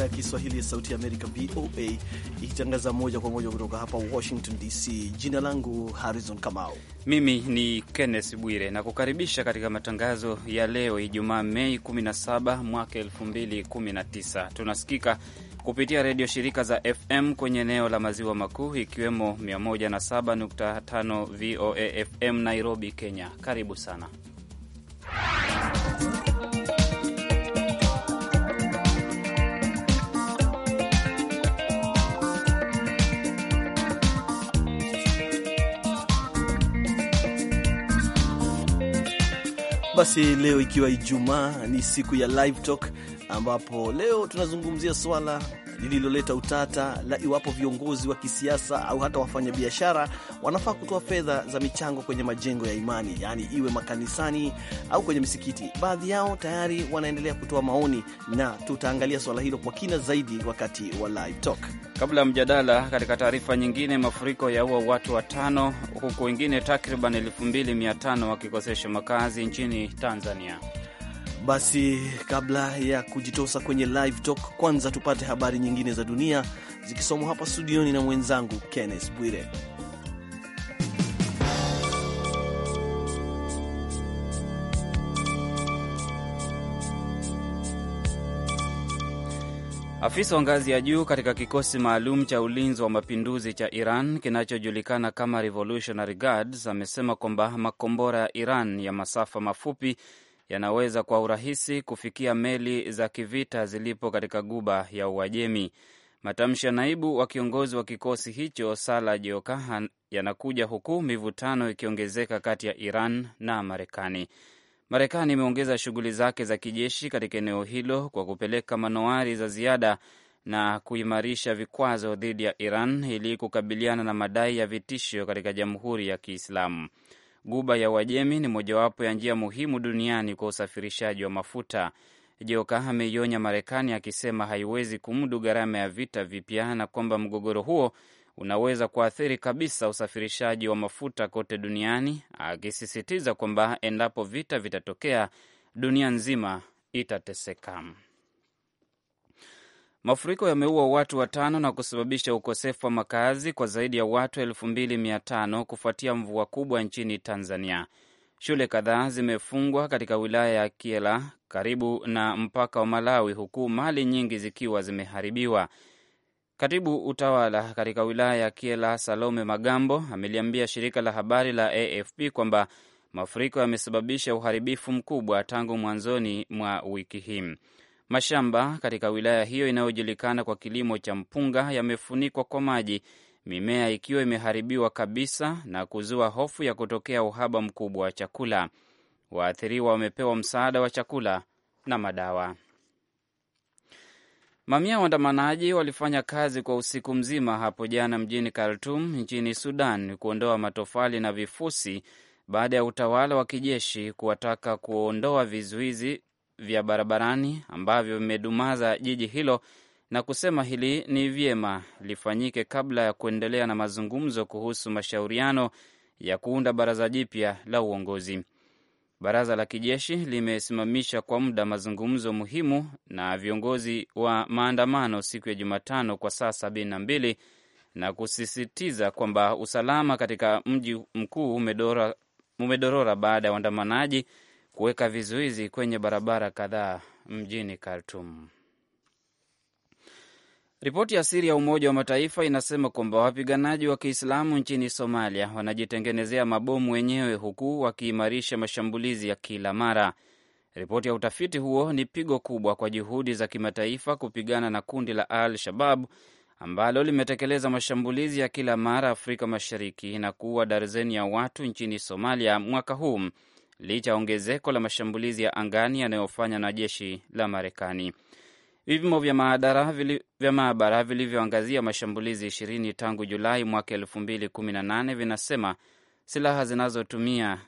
idhaa ya Kiswahili ya Sauti ya Amerika, VOA, ikitangaza moja kwa moja kutoka hapa Washington DC. Jina langu Harrison Kamau, mimi ni Kenneth Bwire na kukaribisha katika matangazo ya leo Ijumaa, Mei 17 mwaka 2019. Tunasikika kupitia redio shirika za FM kwenye eneo la maziwa makuu ikiwemo 107.5 VOA FM Nairobi, Kenya. Karibu sana Basi leo ikiwa Ijumaa ni siku ya live talk, ambapo leo tunazungumzia swala lililoleta utata la iwapo viongozi wa kisiasa au hata wafanyabiashara wanafaa kutoa fedha za michango kwenye majengo ya imani, yaani iwe makanisani au kwenye misikiti. Baadhi yao tayari wanaendelea kutoa maoni, na tutaangalia suala hilo kwa kina zaidi wakati wa live talk. Kabla ya mjadala, katika taarifa nyingine, mafuriko yaua watu watano huku wengine takriban 2500 wakikosesha makazi nchini Tanzania. Basi kabla ya kujitosa kwenye live talk, kwanza tupate habari nyingine za dunia zikisomwa hapa studioni na mwenzangu Kenneth Bwire. Afisa wa ngazi ya juu katika kikosi maalum cha ulinzi wa mapinduzi cha Iran kinachojulikana kama Revolutionary Guards amesema kwamba makombora ya Iran ya masafa mafupi yanaweza kwa urahisi kufikia meli za kivita zilipo katika Guba ya Uajemi. Matamshi ya naibu wa kiongozi wa kikosi hicho Sala Jiokahan yanakuja huku mivutano ikiongezeka kati ya Iran na Marekani. Marekani imeongeza shughuli zake za kijeshi katika eneo hilo kwa kupeleka manowari za ziada na kuimarisha vikwazo dhidi ya Iran ili kukabiliana na madai ya vitisho katika Jamhuri ya Kiislamu. Guba ya Uajemi ni mojawapo ya njia muhimu duniani kwa usafirishaji wa mafuta. Joka ameionya Marekani akisema haiwezi kumudu gharama ya vita vipya na kwamba mgogoro huo unaweza kuathiri kabisa usafirishaji wa mafuta kote duniani, akisisitiza kwamba endapo vita vitatokea, dunia nzima itateseka. Mafuriko yameua watu watano na kusababisha ukosefu wa makazi kwa zaidi ya watu elfu kufuatia mvua kubwa nchini Tanzania. Shule kadhaa zimefungwa katika wilaya ya Kiela karibu na mpaka wa Malawi, huku mali nyingi zikiwa zimeharibiwa. Katibu utawala katika wilaya ya Kiela, Salome Magambo, ameliambia shirika la habari la AFP kwamba mafuriko yamesababisha uharibifu mkubwa tangu mwanzoni mwa wiki hii. Mashamba katika wilaya hiyo inayojulikana kwa kilimo cha mpunga yamefunikwa kwa maji, mimea ikiwa imeharibiwa kabisa na kuzua hofu ya kutokea uhaba mkubwa wa chakula. Waathiriwa wamepewa msaada wa chakula na madawa. Mamia waandamanaji walifanya kazi kwa usiku mzima hapo jana mjini Khartum nchini Sudan kuondoa matofali na vifusi baada ya utawala wa kijeshi kuwataka kuondoa vizuizi vya barabarani ambavyo vimedumaza jiji hilo na kusema hili ni vyema lifanyike kabla ya kuendelea na mazungumzo kuhusu mashauriano ya kuunda baraza jipya la uongozi. Baraza la kijeshi limesimamisha kwa muda mazungumzo muhimu na viongozi wa maandamano siku ya Jumatano kwa saa sabini na mbili na kusisitiza kwamba usalama katika mji mkuu umedorora baada ya waandamanaji kuweka vizuizi kwenye barabara kadhaa mjini Khartum. Ripoti ya siri ya Umoja wa Mataifa inasema kwamba wapiganaji wa Kiislamu nchini Somalia wanajitengenezea mabomu wenyewe huku wakiimarisha mashambulizi ya kila mara. Ripoti ya utafiti huo ni pigo kubwa kwa juhudi za kimataifa kupigana na kundi la Al Shabab ambalo limetekeleza mashambulizi ya kila mara Afrika Mashariki na kuua darzeni ya watu nchini Somalia mwaka huu licha ya ongezeko la mashambulizi ya angani yanayofanywa na jeshi la Marekani. Vipimo vya maabara vilivyoangazia mashambulizi ishirini tangu Julai mwaka elfu mbili kumi na nane vinasema silaha zinazotumia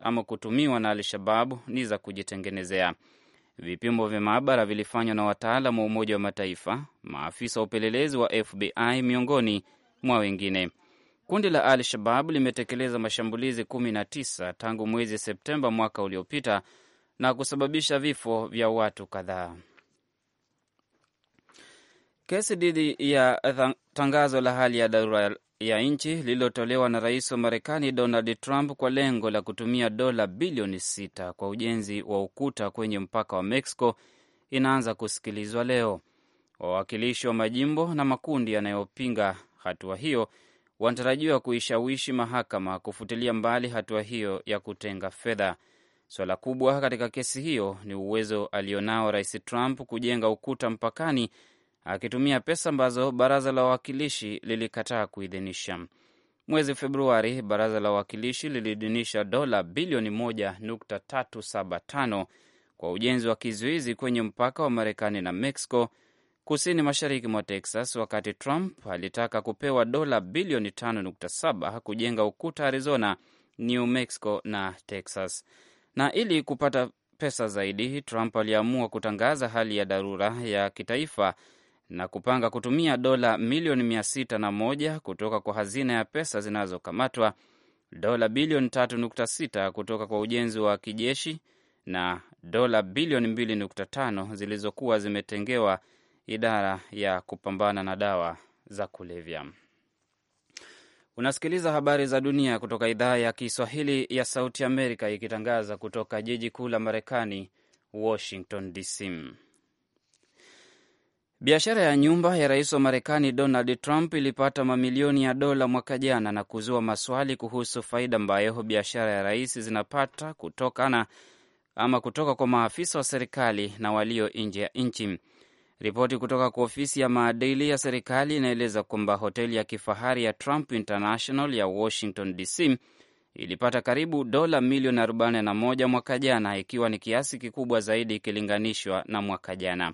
ama kutumiwa na Al-Shababu ni za kujitengenezea. Vipimo vya maabara vilifanywa na wataalam wa Umoja wa Mataifa, maafisa wa upelelezi wa FBI miongoni mwa wengine. Kundi la Al Shabab limetekeleza mashambulizi 19 tangu mwezi Septemba mwaka uliopita na kusababisha vifo vya watu kadhaa. Kesi dhidi ya tangazo la hali ya dharura ya nchi lililotolewa na rais wa Marekani Donald Trump kwa lengo la kutumia dola bilioni sita kwa ujenzi wa ukuta kwenye mpaka wa Mexico inaanza kusikilizwa leo. Wawakilishi wa majimbo na makundi yanayopinga hatua hiyo wanatarajiwa kuishawishi mahakama kufutilia mbali hatua hiyo ya kutenga fedha. Swala kubwa katika kesi hiyo ni uwezo alionao Rais Trump kujenga ukuta mpakani akitumia pesa ambazo baraza la wawakilishi lilikataa kuidhinisha. Mwezi Februari, baraza la wawakilishi liliidhinisha dola bilioni 1.375 kwa ujenzi wa kizuizi kwenye mpaka wa Marekani na Mexico kusini mashariki mwa Texas, wakati Trump alitaka kupewa dola bilioni 5.7 kujenga ukuta Arizona, New Mexico na Texas. Na ili kupata pesa zaidi, Trump aliamua kutangaza hali ya dharura ya kitaifa na kupanga kutumia dola milioni mia kutoka kwa hazina ya pesa zinazokamatwa, dola bilioni 3.6 kutoka kwa ujenzi wa kijeshi na dola bilioni 2.5 zilizokuwa zimetengewa idara ya kupambana na dawa za kulevya. Unasikiliza habari za dunia kutoka idhaa ya Kiswahili ya Sauti Amerika, ikitangaza kutoka jiji kuu la Marekani, Washington DC. Biashara ya nyumba ya rais wa Marekani Donald Trump ilipata mamilioni ya dola mwaka jana na kuzua maswali kuhusu faida ambayo biashara ya rais zinapata kutokana ama kutoka kwa maafisa wa serikali na walio nje ya nchi. Ripoti kutoka kwa ofisi ya maadili ya serikali inaeleza kwamba hoteli ya kifahari ya Trump International ya Washington DC ilipata karibu dola milioni 41 mwaka jana, ikiwa ni kiasi kikubwa zaidi ikilinganishwa na mwaka jana.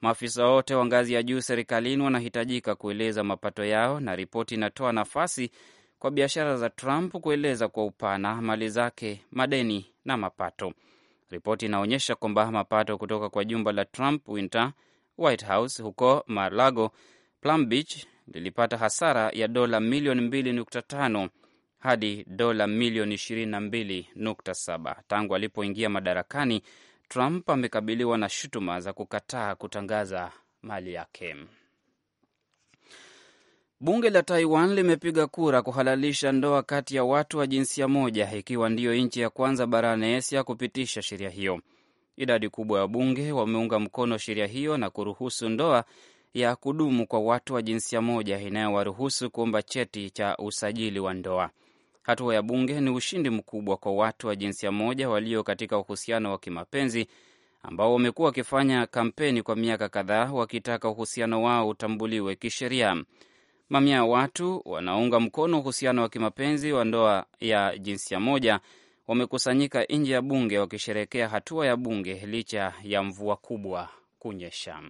Maafisa wote wa ngazi ya juu serikalini wanahitajika kueleza mapato yao, na ripoti inatoa nafasi kwa biashara za Trump kueleza kwa upana mali zake, madeni na mapato. Ripoti inaonyesha kwamba mapato kutoka kwa jumba la Trump Winter White House huko marlago plumbich Beach lilipata hasara ya dola milioni 2.5 hadi dola milioni 22.7 tangu alipoingia madarakani. Trump amekabiliwa na shutuma za kukataa kutangaza mali yake. Bunge la Taiwan limepiga kura kuhalalisha ndoa kati ya watu wa jinsia moja, ikiwa ndiyo nchi ya kwanza barani Asia kupitisha sheria hiyo. Idadi kubwa ya wabunge wameunga mkono sheria hiyo na kuruhusu ndoa ya kudumu kwa watu wa jinsia moja inayowaruhusu kuomba cheti cha usajili wa ndoa. Hatua ya bunge ni ushindi mkubwa kwa watu wa jinsia moja walio katika uhusiano wa kimapenzi ambao wamekuwa wakifanya kampeni kwa miaka kadhaa wakitaka uhusiano wao utambuliwe kisheria. Mamia ya watu wanaunga mkono uhusiano wa kimapenzi wa ndoa ya jinsia moja wamekusanyika nje ya bunge wakisherekea hatua ya bunge licha ya mvua kubwa kunyesha.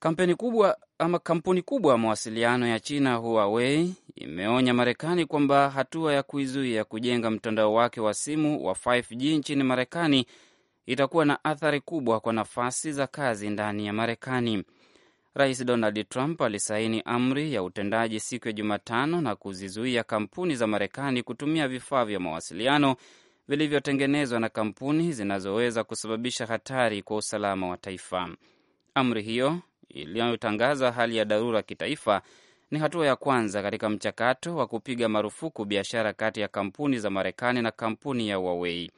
Kampeni kubwa ama kampuni kubwa ya mawasiliano ya China Huawei imeonya Marekani kwamba hatua ya kuizuia kujenga mtandao wake wa simu wa 5G nchini Marekani itakuwa na athari kubwa kwa nafasi za kazi ndani ya Marekani. Rais Donald Trump alisaini amri ya utendaji siku ya Jumatano na kuzizuia kampuni za Marekani kutumia vifaa vya mawasiliano vilivyotengenezwa na kampuni zinazoweza kusababisha hatari kwa usalama wa taifa. Amri hiyo iliyotangaza hali ya dharura kitaifa ni hatua ya kwanza katika mchakato wa kupiga marufuku biashara kati ya kampuni za Marekani na kampuni ya Huawei.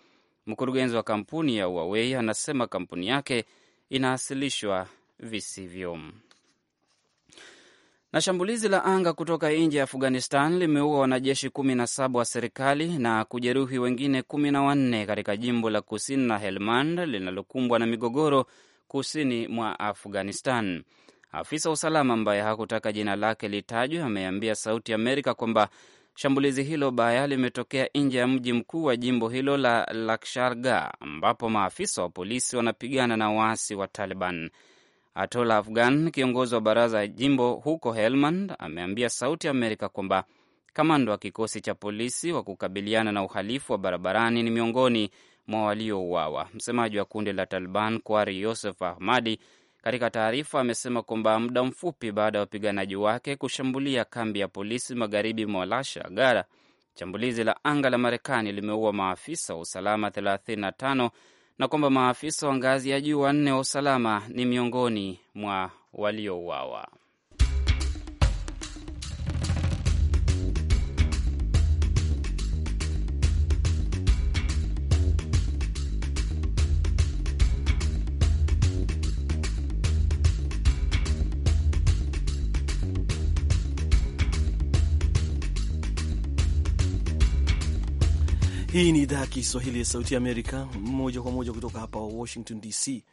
Mkurugenzi wa kampuni ya Huawei anasema kampuni yake inaasilishwa visivyo. Na shambulizi la anga kutoka nje ya Afghanistan limeua wanajeshi kumi na saba wa serikali na kujeruhi wengine kumi na wanne katika jimbo la kusini la Helmand linalokumbwa na migogoro kusini mwa Afghanistan. Afisa wa usalama ambaye hakutaka jina lake litajwe ameambia Sauti Amerika kwamba shambulizi hilo baya limetokea nje ya mji mkuu wa jimbo hilo la Laksharga, ambapo maafisa wa polisi wanapigana na waasi wa Taliban. Atola Afghan, kiongozi wa baraza ya jimbo huko Helmand, ameambia Sauti Amerika kwamba kamando wa kikosi cha polisi wa kukabiliana na uhalifu wa barabarani ni miongoni mwa waliouawa. Msemaji wa kundi la Taliban Kwari Yosef Ahmadi katika taarifa amesema kwamba muda mfupi baada ya wapiganaji wake kushambulia kambi ya polisi magharibi mwa Lasha Gara, shambulizi la anga la Marekani limeua maafisa wa usalama 35 na kwamba maafisa wa ngazi ya juu wanne wa usalama ni miongoni mwa waliouawa. Hii ni idhaa ya Kiswahili ya Sauti ya Amerika, moja kwa moja kutoka hapa Washington DC.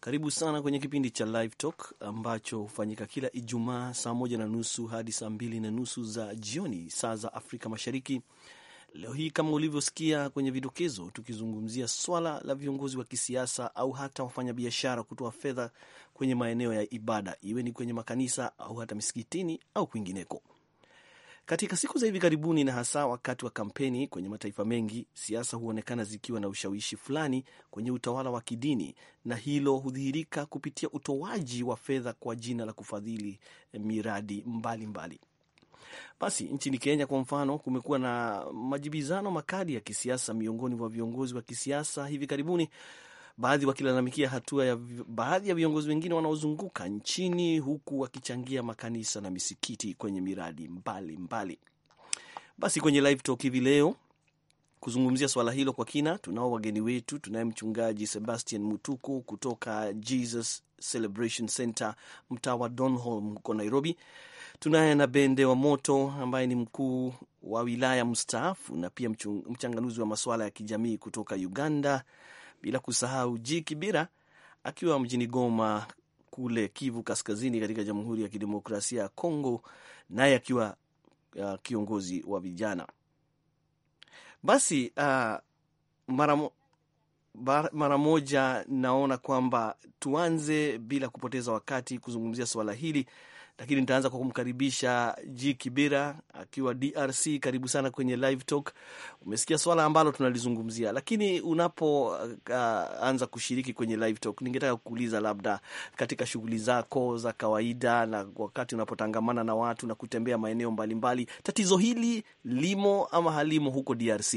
Karibu sana kwenye kipindi cha Live Talk ambacho hufanyika kila Ijumaa saa moja na nusu hadi saa mbili na nusu za jioni, saa za Afrika Mashariki. Leo hii kama ulivyosikia kwenye vidokezo, tukizungumzia swala la viongozi wa kisiasa au hata wafanyabiashara kutoa fedha kwenye maeneo ya ibada, iwe ni kwenye makanisa au hata misikitini au kwingineko. Katika siku za hivi karibuni na hasa wakati wa kampeni, kwenye mataifa mengi siasa huonekana zikiwa na ushawishi fulani kwenye utawala wa kidini, na hilo hudhihirika kupitia utoaji wa fedha kwa jina la kufadhili miradi mbalimbali mbali. Basi nchini Kenya kwa mfano, kumekuwa na majibizano makali ya kisiasa miongoni mwa viongozi wa kisiasa hivi karibuni baadhi wakilalamikia hatua ya baadhi ya viongozi wengine wanaozunguka nchini huku wakichangia makanisa na misikiti kwenye miradi mbalimbali mbali. Basi kwenye live talk hivi leo kuzungumzia swala hilo kwa kina, tunao wageni wetu. Tunaye mchungaji Sebastian Mutuku kutoka Jesus Celebration Center mtaa wa Donholm huko Nairobi. Tunaye na Bende wa Moto ambaye ni mkuu wa wilaya mstaafu na pia mchanganuzi wa masuala ya kijamii kutoka Uganda bila kusahau G Kibira akiwa mjini Goma kule Kivu Kaskazini katika Jamhuri ya Kidemokrasia ya Kongo, naye akiwa uh, kiongozi wa vijana. Basi uh, mara mara moja naona kwamba tuanze bila kupoteza wakati kuzungumzia suala hili lakini nitaanza kwa kumkaribisha j Kibira akiwa DRC. Karibu sana kwenye Live Talk. Umesikia swala ambalo tunalizungumzia, lakini unapoanza uh, kushiriki kwenye Live Talk, ningetaka kukuuliza labda, katika shughuli zako za kawaida na wakati unapotangamana na watu na kutembea maeneo mbalimbali, tatizo hili limo ama halimo huko DRC?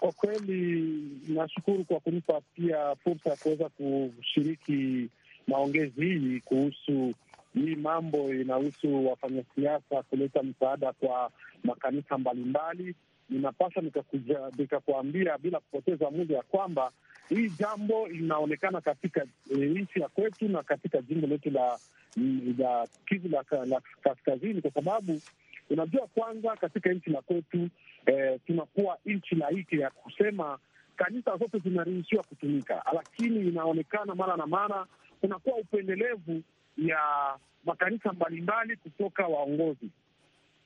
Kwa kweli nashukuru kwa kunipa pia fursa ya kuweza kushiriki maongezi hii kuhusu hii mambo inahusu wafanyasiasa kuleta msaada kwa makanisa mbalimbali. Ninapaswa nikakuambia bila kupoteza muda ya kwamba hii jambo linaonekana katika eh, nchi ya kwetu na katika jimbo letu la, la Kivu la, la kaskazini, kwa sababu unajua, kwanza katika nchi la kwetu e, tunakuwa nchi laiki ya kusema kanisa zote zinaruhusiwa kutumika, lakini inaonekana mara na mara kunakuwa upendelevu ya makanisa mbalimbali kutoka waongozi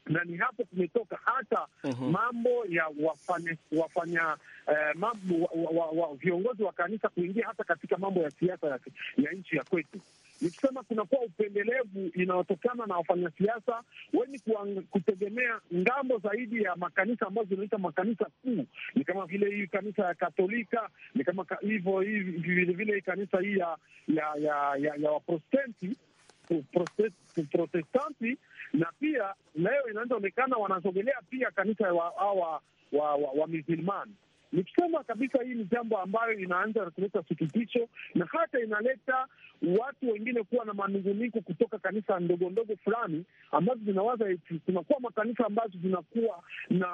na ni hapo kumetoka hata uhum, mambo ya wafanya, wafanya eh, mambo, wa, wa, wa, viongozi wa kanisa kuingia hata katika mambo ya siasa ya, ya nchi ya kwetu. Nikisema kunakuwa upendelevu, inayotokana na wafanyasiasa wenye kutegemea ngambo zaidi ya makanisa ambazo zinaita makanisa kuu, ni kama vile hii kanisa ya Katolika, ni kama hivyo vilevile hii kanisa hii ya ya ya, ya, ya Waprotestanti Protestanti, na pia leo inaezaonekana wanasogelea pia kanisa wa, wa, wa, wa, wa Mizilmani. Nikisema kabisa, hii ni jambo ambayo inaanza kuleta sikitisho na hata inaleta watu wengine kuwa na manunguniko kutoka kanisa ndogo ndogo fulani ambazo zinawaza eti kunakuwa makanisa ambazo zinakuwa na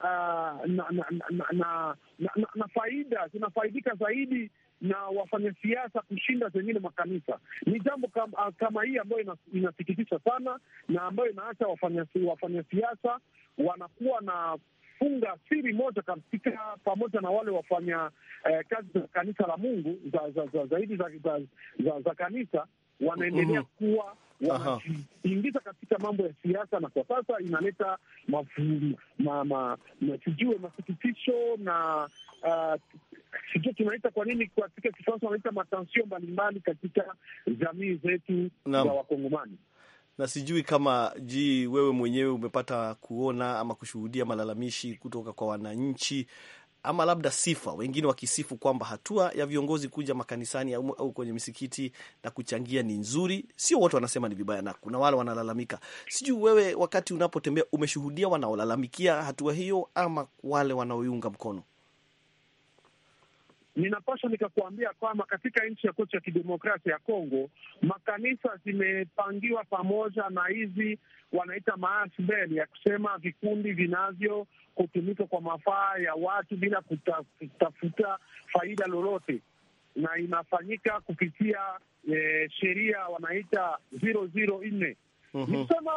ah, na na na na faida zinafaidika zaidi na wafanyasiasa kushinda zengine makanisa. Ni jambo ah, kama hii ambayo inasikitisha sana na ambayo inaacha wafanyasiasa wanakuwa na kufunga siri moja katika pamoja na wale wafanya eh, kazi za kanisa la Mungu za za za zaidi za, za, za, za kanisa wanaendelea mhm. kuwa wanajiingiza katika mambo ya siasa, na kwa sasa inaleta sijue ma, ma, masikitisho na uh, ah, sijue tunaita kwa nini katika Kifaransa wanaita matansio mbalimbali katika jamii zetu za Wakongomani na sijui kama ji wewe mwenyewe umepata kuona ama kushuhudia malalamishi kutoka kwa wananchi ama labda sifa, wengine wakisifu kwamba hatua ya viongozi kuja makanisani au, au kwenye misikiti na kuchangia ni nzuri. Sio wote wanasema ni vibaya, na kuna wale wanalalamika. Sijui wewe, wakati unapotembea, umeshuhudia wanaolalamikia hatua hiyo ama wale wanaoiunga mkono? ninapaswa nikakuambia kwamba katika nchi ya kwetu ya kidemokrasia ya Kongo makanisa zimepangiwa pamoja na hizi wanaita maasbel ya kusema vikundi vinavyo kutumika kwa mafaa ya watu bila kutafuta faida lolote, na inafanyika kupitia e, sheria wanaita zero zero nne. Mhm. Ni kusema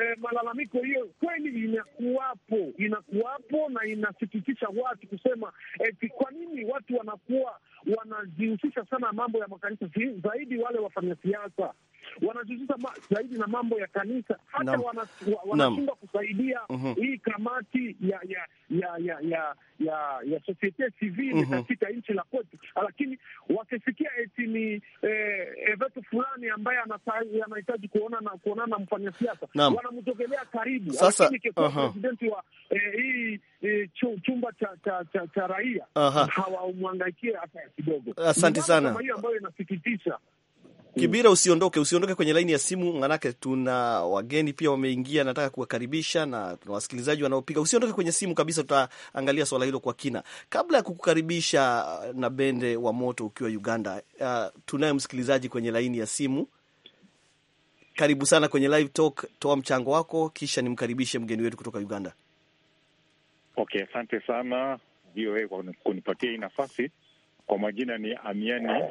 eh, malalamiko hiyo kweli inakuwapo, inakuwapo na inasikitisha watu kusema eti kwa nini watu wanakuwa wanajihusisha sana mambo ya makanisa zaidi wale wafanyasiasa wanajihusisha zaidi na mambo ya kanisa, hata wanashindwa wana, kusaidia mm -hmm. hii kamati ya ya ya ya ya, ya, ya societe civile mm -hmm. katika nchi la kwetu, lakini wakisikia eti ni eh, evetu fulani ambaye anahitaji kuona na kuonana na siasa wanamtokelea karibu. Sasa, lakini uh -huh. wa eh, hii eh, chumba cha cha cha, cha raia uh -huh. hawamwangaikie hata kidogo. Asante sana, hiyo ambayo inasikitisha. Mm. Kibira, usiondoke, usiondoke kwenye laini ya simu, manake tuna wageni pia wameingia, nataka kuwakaribisha na tuna wasikilizaji wanaopiga. Usiondoke kwenye simu kabisa, tutaangalia swala hilo kwa kina. Kabla ya kukukaribisha uh, na Bende wa Moto ukiwa Uganda, uh, tunaye msikilizaji kwenye laini ya simu. Karibu sana kwenye live talk, toa mchango wako kisha nimkaribishe mgeni wetu kutoka Uganda. Okay, asante sana VOA kwa kunipatia hii nafasi. Kwa majina ni Amiani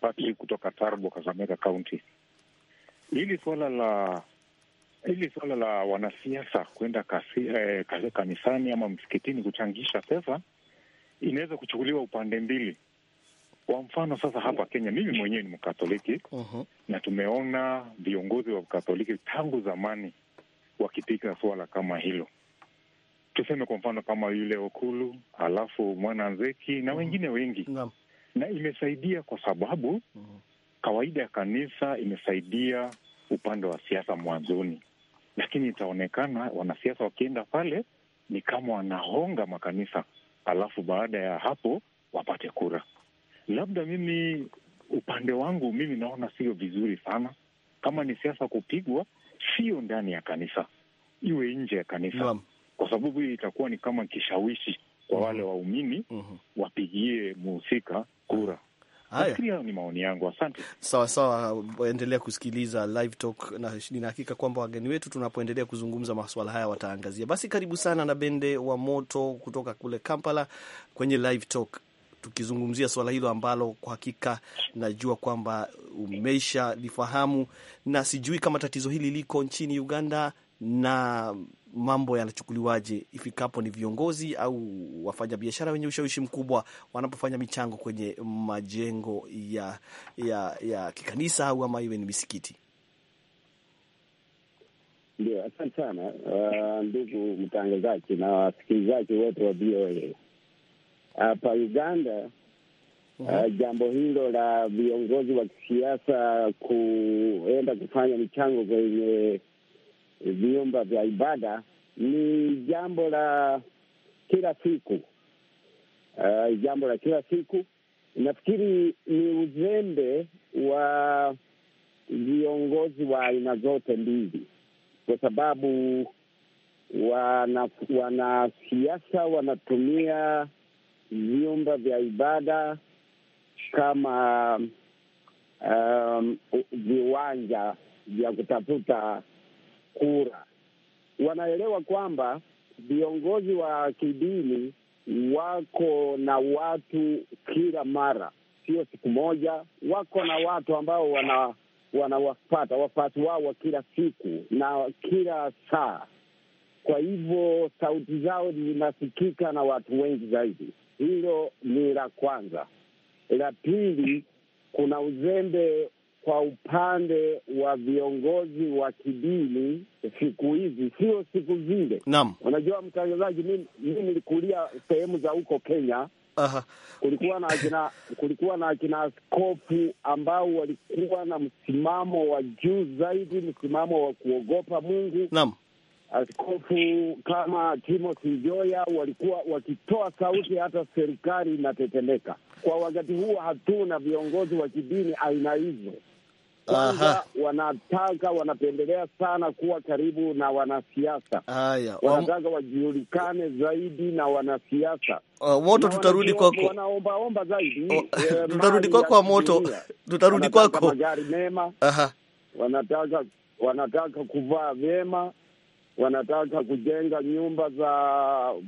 Patrick kutoka Tarbo, Kakamega Kaunti. Hili suala la hili suala la wanasiasa kwenda eh, kanisani ama msikitini kuchangisha pesa inaweza kuchukuliwa upande mbili. Kwa mfano sasa, hapa Kenya, mimi mwenyewe ni Mkatoliki uh -huh. na tumeona viongozi wa Katoliki tangu zamani wakipiga suala kama hilo, tuseme kwa mfano kama yule Okulu alafu Mwana Nzeki na uh-huh. wengine wengi uh na imesaidia kwa sababu mm-hmm. kawaida ya kanisa imesaidia upande wa siasa mwanzoni, lakini itaonekana wanasiasa wakienda pale ni kama wanahonga makanisa, alafu baada ya hapo wapate kura. Labda mimi upande wangu mimi naona sio vizuri sana. Kama ni siasa kupigwa, sio ndani ya kanisa, iwe nje ya kanisa Mlam. kwa sababu hii itakuwa ni kama kishawishi kwa wale mm-hmm. waumini uh mm-hmm. -huh. wapigie muhusika kura. Nafikiri hayo ni maoni yangu, asante. Sawa sawa, endelea kusikiliza Live Talk na nina hakika kwamba wageni wetu tunapoendelea kuzungumza maswala haya wataangazia. Basi karibu sana na Bende wa Moto kutoka kule Kampala kwenye Live Talk tukizungumzia swala hilo ambalo kwa hakika najua kwamba umeshalifahamu lifahamu, na sijui kama tatizo hili liko nchini Uganda na mambo yanachukuliwaje ifikapo ni viongozi au wafanyabiashara wenye ushawishi mkubwa wanapofanya michango kwenye majengo ya, ya, ya kikanisa au ama iwe ni misikiti? Ndio, asante sana uh, ndugu mtangazaji na wasikilizaji wote wa VOA hapa Uganda. Mhm. Uh, jambo hilo la viongozi wa kisiasa kuenda kufanya michango kwenye vyumba vya ibada ni jambo la kila siku, uh, jambo la kila siku. Nafikiri ni uzembe wa viongozi wa aina zote mbili, kwa sababu wanasiasa wana wanatumia vyumba vya ibada kama um, viwanja vya kutafuta kura. Wanaelewa kwamba viongozi wa kidini wako na watu kila mara, sio siku moja. Wako na watu ambao wana wanawapata wafuasi wao wa kila siku na kila saa. Kwa hivyo sauti zao zinasikika na watu wengi zaidi. Hilo ni la kwanza. La pili, kuna uzembe kwa upande wa viongozi wa kidini siku hizi, sio siku zile. Naam, unajua mtangazaji, mimi nilikulia sehemu za huko Kenya. Aha. Kulikuwa na akina kulikuwa na akina askofu ambao walikuwa na msimamo wa juu zaidi, msimamo wa kuogopa Mungu. Naam. Askofu kama Timothy joya walikuwa wakitoa sauti, hata serikali inatetemeka. Kwa wakati huo hatuna viongozi wa kidini aina hizo kwanza wanataka wanapendelea sana kuwa karibu na wanasiasa. Haya, wanataka wajulikane zaidi na wanasiasa uh, moto Uh, tutarudi kwako, wanaombaomba zaidi oh. E, tutarudi kwako kwa moto, tutarudi kwako. Magari mema, aha, wanataka wanataka kuvaa vyema, wanataka kujenga nyumba za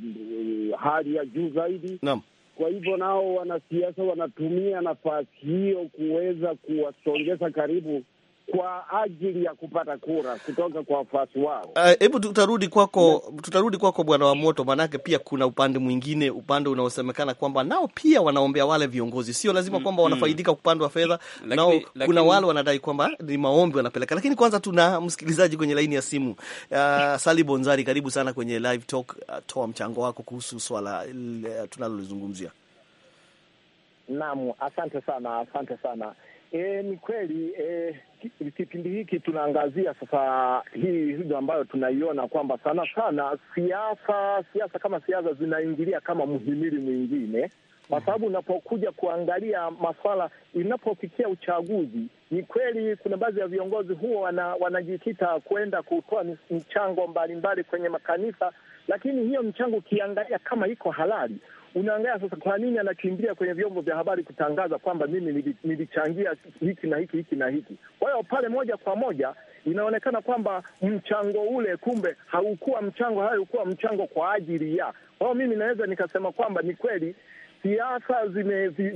mm, hali ya juu zaidi. Naam. Kwa hivyo nao wanasiasa wanatumia nafasi hiyo kuweza kuwasongeza karibu kwa ajili ya kupata kura kutoka kwa wafuasi wao. Eh, hebu uh, tutarudi kwako tutarudi kwako Bwana wa Moto, maanake pia kuna upande mwingine, upande unaosemekana kwamba nao pia wanaombea wale viongozi, sio lazima mm, kwamba mm. wanafaidika kupandwa fedha nao. Lakini, kuna wale wanadai kwamba ni maombi wanapeleka. Lakini kwanza tuna msikilizaji kwenye laini ya simu uh, Sali Bonzari, karibu sana kwenye live talk. Uh, toa mchango wako kuhusu swala eh, tunalolizungumzia. Naam, asante sana, asante sana E, ni kweli e, kipindi hiki tunaangazia sasa hii hizo ambayo tunaiona kwamba sana sana siasa siasa kama siasa zinaingilia kama mhimili mwingine, kwa sababu unapokuja kuangalia maswala inapofikia uchaguzi, ni kweli kuna baadhi ya viongozi wana, wanajikita kwenda kutoa mchango mbalimbali kwenye makanisa, lakini hiyo mchango ukiangalia kama iko halali unaangalia sasa, kwa nini anakimbia kwenye vyombo vya habari kutangaza kwamba mimi nilichangia hiki na hiki hiki na hiki? Kwa hiyo pale moja kwa moja inaonekana kwamba mchango ule kumbe haukuwa mchango, haukuwa mchango kwa ajili ya. Kwa hiyo mimi naweza nikasema kwamba ni kweli siasa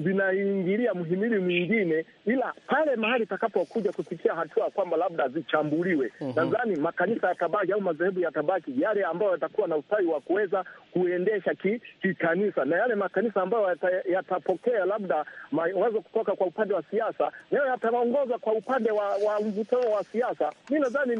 zinaingilia mhimili mwingine, ila pale mahali takapokuja kufikia hatua kwamba labda zichambuliwe, mhm. nadhani makanisa yatabaki au madhehebu yatabaki yale ambayo yatakuwa na ustawi wa kuweza kuendesha kikanisa ki na yale makanisa ambayo yata, yatapokea labda mawazo kutoka kwa upande wa siasa, nayo yataongozwa kwa upande wa mvutano wa, wa siasa. Mi nadhani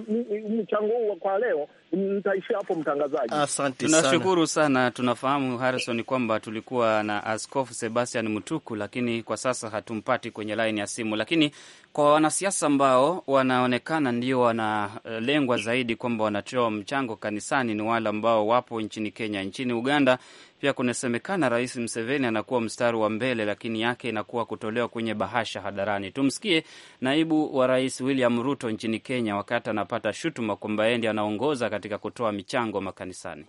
mchango huu kwa leo nitaishia hapo mtangazaji. Asante sana. Tunashukuru sana. Tunafahamu Harrison kwamba tulikuwa na Askofu Sebastian Mutuku, lakini kwa sasa hatumpati kwenye laini ya simu. Lakini kwa wanasiasa ambao wanaonekana ndio wanalengwa zaidi kwamba wanatoa mchango kanisani ni wale ambao wapo nchini Kenya, nchini Uganda pia kunasemekana Rais Mseveni anakuwa mstari wa mbele, lakini yake inakuwa kutolewa kwenye bahasha hadharani. Tumsikie naibu wa rais William Ruto nchini Kenya wakati anapata shutuma kwamba yeye ndiye anaongoza katika kutoa michango makanisani.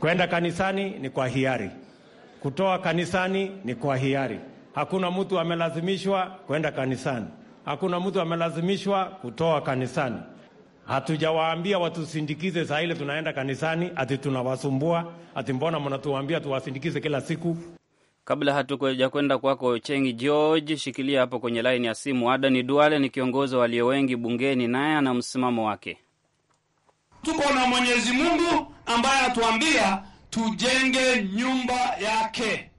Kwenda kanisani ni kwa hiari, kutoa kanisani ni kwa hiari. Hakuna mtu amelazimishwa kwenda kanisani, hakuna mtu amelazimishwa kutoa kanisani. Hatujawaambia watusindikize saa ile tunaenda kanisani, ati tunawasumbua, ati mbona mnatuambia tuwasindikize kila siku? Kabla hatukuja kwenda kwako Chengi George, shikilia hapo kwenye laini ya simu. Adani Duale ni kiongozi walio wengi bungeni, naye ana msimamo wake. Tuko na Mwenyezi Mungu ambaye anatuambia tujenge nyumba yake,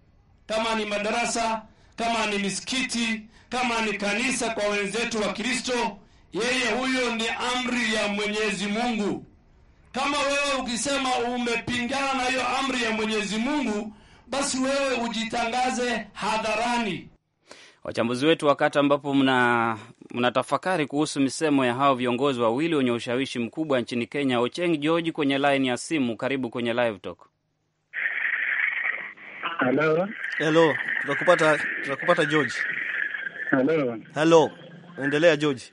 kama ni madarasa, kama ni misikiti, kama ni kanisa kwa wenzetu wa Kristo yeye huyo ni amri ya Mwenyezi Mungu. Kama wewe ukisema umepingana na hiyo amri ya Mwenyezi Mungu, basi wewe ujitangaze hadharani. Wachambuzi wetu, wakati ambapo mna mnatafakari kuhusu misemo ya hao viongozi wawili wenye ushawishi mkubwa nchini Kenya, Ocheng George kwenye line ya simu. Karibu kwenye Live Talk. Hello. Hello. Tunakupata, tunakupata George. Hello. Hello. Endelea George.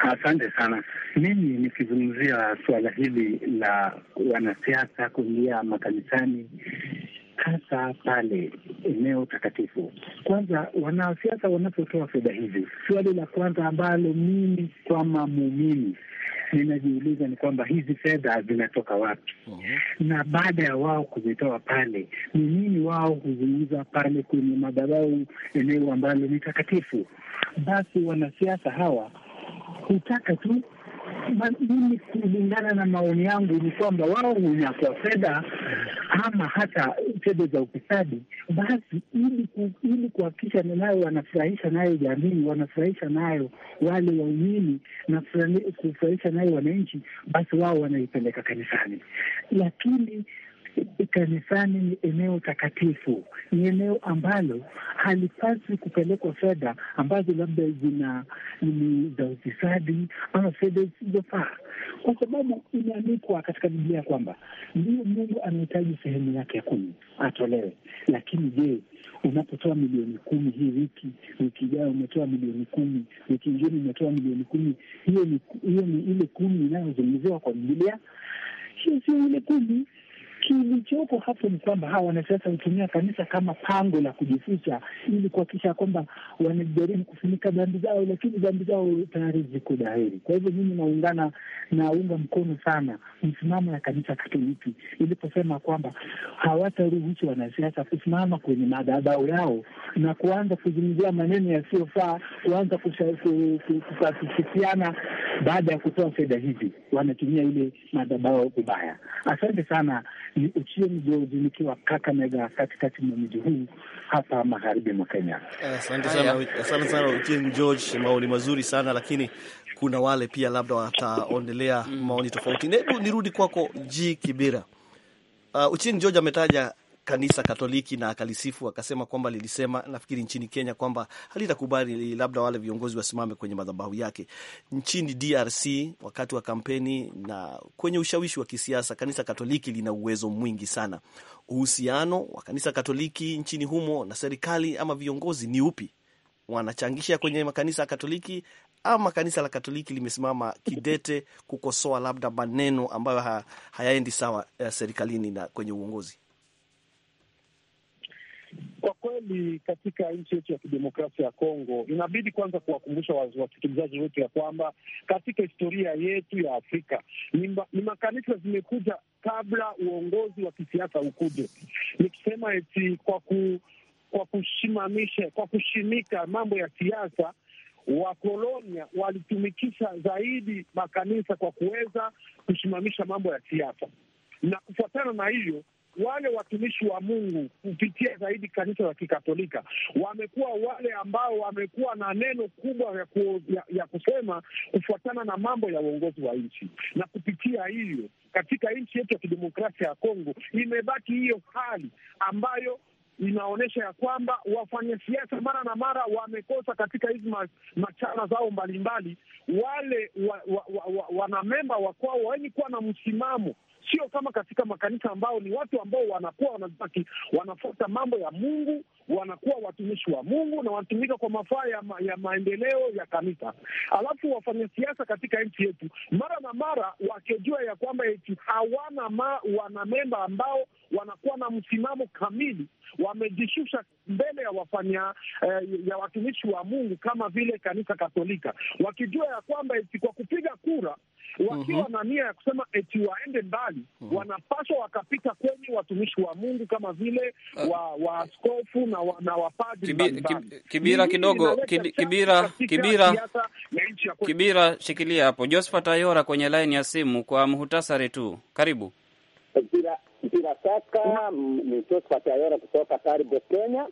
Asante sana. Mimi nikizungumzia suala hili la wanasiasa kuingia makanisani, hasa pale eneo takatifu. Kwanza, wanasiasa wanapotoa fedha hizi, swali la kwanza ambalo mimi kama muumini ninajiuliza ni kwamba hizi fedha zinatoka wapi? Uh-huh. Na baada ya wao kuzitoa pale, ni nini wao huzungumza pale kwenye madhabahu, eneo ambalo ni takatifu? Basi wanasiasa hawa hutaka tu mimi kulingana na maoni yangu ni kwamba wao hunyakwa fedha ama hata fedha za ufisadi, basi ili ili kuhakikisha nayo wanafurahisha nayo jamii, wanafurahisha nayo wale waumini na kufurahisha nayo wananchi, basi wao wanaipeleka kanisani, lakini kanisani ni eneo takatifu, ni eneo ambalo halipaswi kupelekwa fedha ambazo labda zina ni za ufisadi ama fedha zisizofaa, kwa sababu imeandikwa katika Biblia kwamba ndio Mungu anahitaji sehemu yake ya kumi atolewe. Lakini je, unapotoa milioni kumi hii wiki, wiki ijayo umetoa milioni kumi, wiki ingine umetoa milioni kumi, hiyo ni hiyo ni ile kumi inayozungumziwa kwa Biblia, hiyo sio ile kumi Kilichopo hapo ni kwamba hawa wanasiasa hutumia kanisa kama pango la kujificha, ili kuhakikisha kwamba wanajaribu kufunika dhambi zao, lakini dhambi zao tayari ziko dhahiri. Kwa hivyo mimi naungana, naunga mkono sana msimamo ya kanisa Katoliki iliposema kwamba hawataruhusu wanasiasa kusimama kwenye madhabahu yao na kuanza kuzungumzia maneno yasiyofaa, kuanza kufasikiana baada ya kutoa fedha hizi, wanatumia ile madhabahu vibaya. Asante sana ni Ochieng George nikiwa Kakamega, katikati mwa mji huu hapa magharibi mwa Kenya. Asante eh, sana, asante sana Ochieng George, maoni mazuri sana lakini kuna wale pia labda wataonelea mm. maoni tofauti. Hebu nirudi kwako G Kibira. Uh, Ochieng George ametaja kanisa Katoliki na akalisifu akasema kwamba lilisema, nafikiri nchini Kenya, kwamba halitakubali labda wale viongozi wasimame kwenye madhabahu yake. Nchini DRC wakati wa kampeni na kwenye ushawishi wa kisiasa, kanisa Katoliki lina uwezo mwingi sana. Uhusiano wa kanisa Katoliki nchini humo na serikali ama viongozi ni upi? Wanachangisha kwenye makanisa ya Katoliki ama kanisa la Katoliki limesimama kidete kukosoa labda maneno ambayo ha, hayaendi sawa eh, serikalini na kwenye uongozi? kweli katika nchi yetu ya kidemokrasia ya Kongo inabidi kwanza kuwakumbusha wasikilizaji wetu ya kwamba katika historia yetu ya Afrika ni makanisa zimekuja kabla uongozi wa kisiasa ukuje, nikisema eti kwa ku, kwa kushimamisha kwa kushimika mambo ya siasa Wakolonia walitumikisha zaidi makanisa kwa kuweza kusimamisha mambo ya siasa, na kufuatana na hiyo wale watumishi wa Mungu kupitia zaidi kanisa la Kikatolika wamekuwa wale ambao wamekuwa na neno kubwa ya, ku, ya, ya kusema kufuatana na mambo ya uongozi wa nchi, na kupitia hiyo katika nchi yetu ya kidemokrasia ya Kongo imebaki hiyo hali ambayo inaonyesha ya kwamba wafanyasiasa mara na mara wamekosa katika hizi machana zao mbalimbali, wale wa, wa, wa, wa, wa wakwao wenye kuwa na msimamo sio kama katika makanisa ambao ni watu ambao wanakuwa wanabaki wanafuata mambo ya Mungu, wanakuwa watumishi wa Mungu na wanatumika kwa mafaa ya, ma, ya maendeleo ya kanisa. Alafu wafanya siasa katika nchi yetu mara na mara wakijua ya kwamba eti hawana ma, wana memba ambao wanakuwa na msimamo kamili, wamejishusha mbele ya wafanya eh, ya watumishi wa Mungu kama vile kanisa Katolika, wakijua ya kwamba eti kwa kupiga kura wakiwa mhm. na nia ya kusema eti waende mbali, mhm. wanapaswa wakapita kwenye watumishi wa Mungu kama vile ah. wa waaskofu na wa, na wapadri mbalimbali. Kibira kidogo, kibira kibira kibira, shikilia hapo. Josephat Ayora kwenye laini ya simu kwa muhtasari tu, karibu bila shaka ni Josphat kutoka karibu Kenya.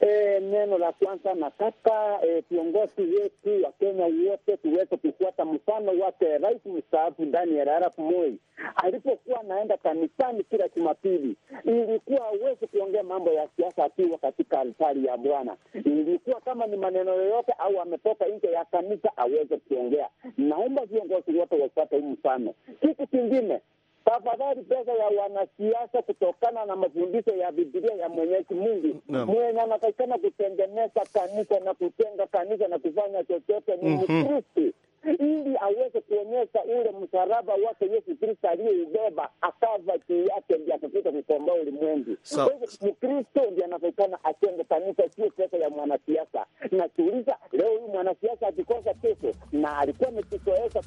E, neno la kwanza nataka e, viongozi wetu wa Kenya wote tuweze kufuata mfano wake rais mstaafu Daniel Arap Moi. Alipokuwa anaenda kanisani kila Jumapili, ilikuwa hawezi kuongea mambo ya siasa akiwa katika altari ya Bwana. Ilikuwa kama ni maneno yoyote au ametoka nje ya kanisa aweze kuongea. Naomba viongozi wote wafuate huu mfano. Kitu kingine Tafadhali pesa ya wanasiasa kutokana na mafundisho ya Bibilia ya Mwenyezi Mungu mwenye anatakikana kutengeneza kanisa na kutenga kanisa na kufanya chochote ni mhm. Mkristu ili aweze kuonyesha ule msalaba wake Yesu Kristo aliyeubeba akava juu yake, ndi atakuja kukomboa ulimwengu. Kwa hivyo Mkristo ndi anatakikana atenge kanisa, sio pesa ya mwanasiasa. Nakiuliza leo huyu mwanasiasa akikosa pesa, na alikuwa amekisoesha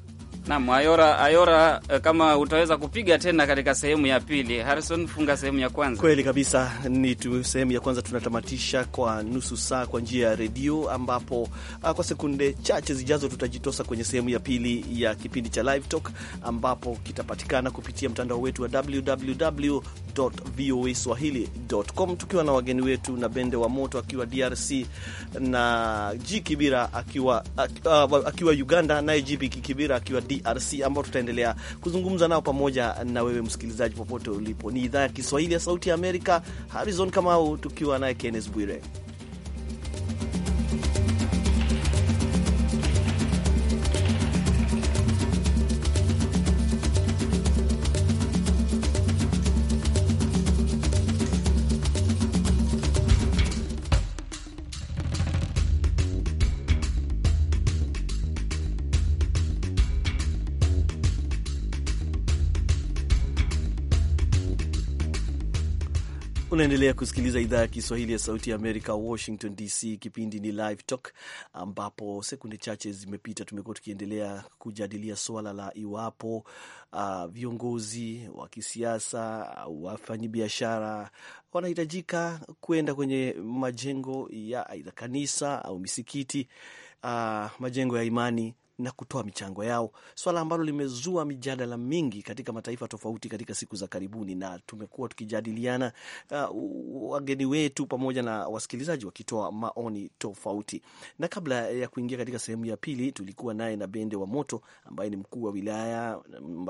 Naam, Ayora, Ayora, eh, kama utaweza kupiga tena katika sehemu ya pili. Harrison, funga sehemu ya kwanza. Kweli kabisa, ni tu sehemu ya kwanza tunatamatisha kwa nusu saa kwa njia ya redio, ambapo ah, kwa sekunde chache zijazo tutajitosa kwenye sehemu ya pili ya kipindi cha Live Talk ambapo kitapatikana kupitia mtandao wetu wa www.voaswahili.com tukiwa na wageni wetu na Bende wa Moto akiwa DRC na G Kibira akiwa, ah, ah, akiwa Uganda, naye Jibi Kibira akiwa DRC. DRC ambao tutaendelea kuzungumza nao pamoja na wewe msikilizaji, popote ulipo. Ni idhaa ya Kiswahili ya Sauti ya Amerika. Harrison Kamau tukiwa naye Kenneth Bwire. Unaendelea kusikiliza idhaa ya Kiswahili ya Sauti ya Amerika, Washington DC. Kipindi ni Live Talk, ambapo sekunde chache zimepita tumekuwa tukiendelea kujadilia suala la iwapo uh, viongozi wa kisiasa au wafanyabiashara wanahitajika kwenda kwenye majengo ya aidha kanisa au misikiti, uh, majengo ya imani na kutoa michango yao, swala ambalo limezua mijadala mingi katika mataifa tofauti katika siku za karibuni, na tumekuwa tukijadiliana uh, wageni wetu pamoja na wasikilizaji wakitoa maoni tofauti. Na kabla ya kuingia katika sehemu ya pili, tulikuwa naye na Bende wa Moto ambaye ni mkuu wa wilaya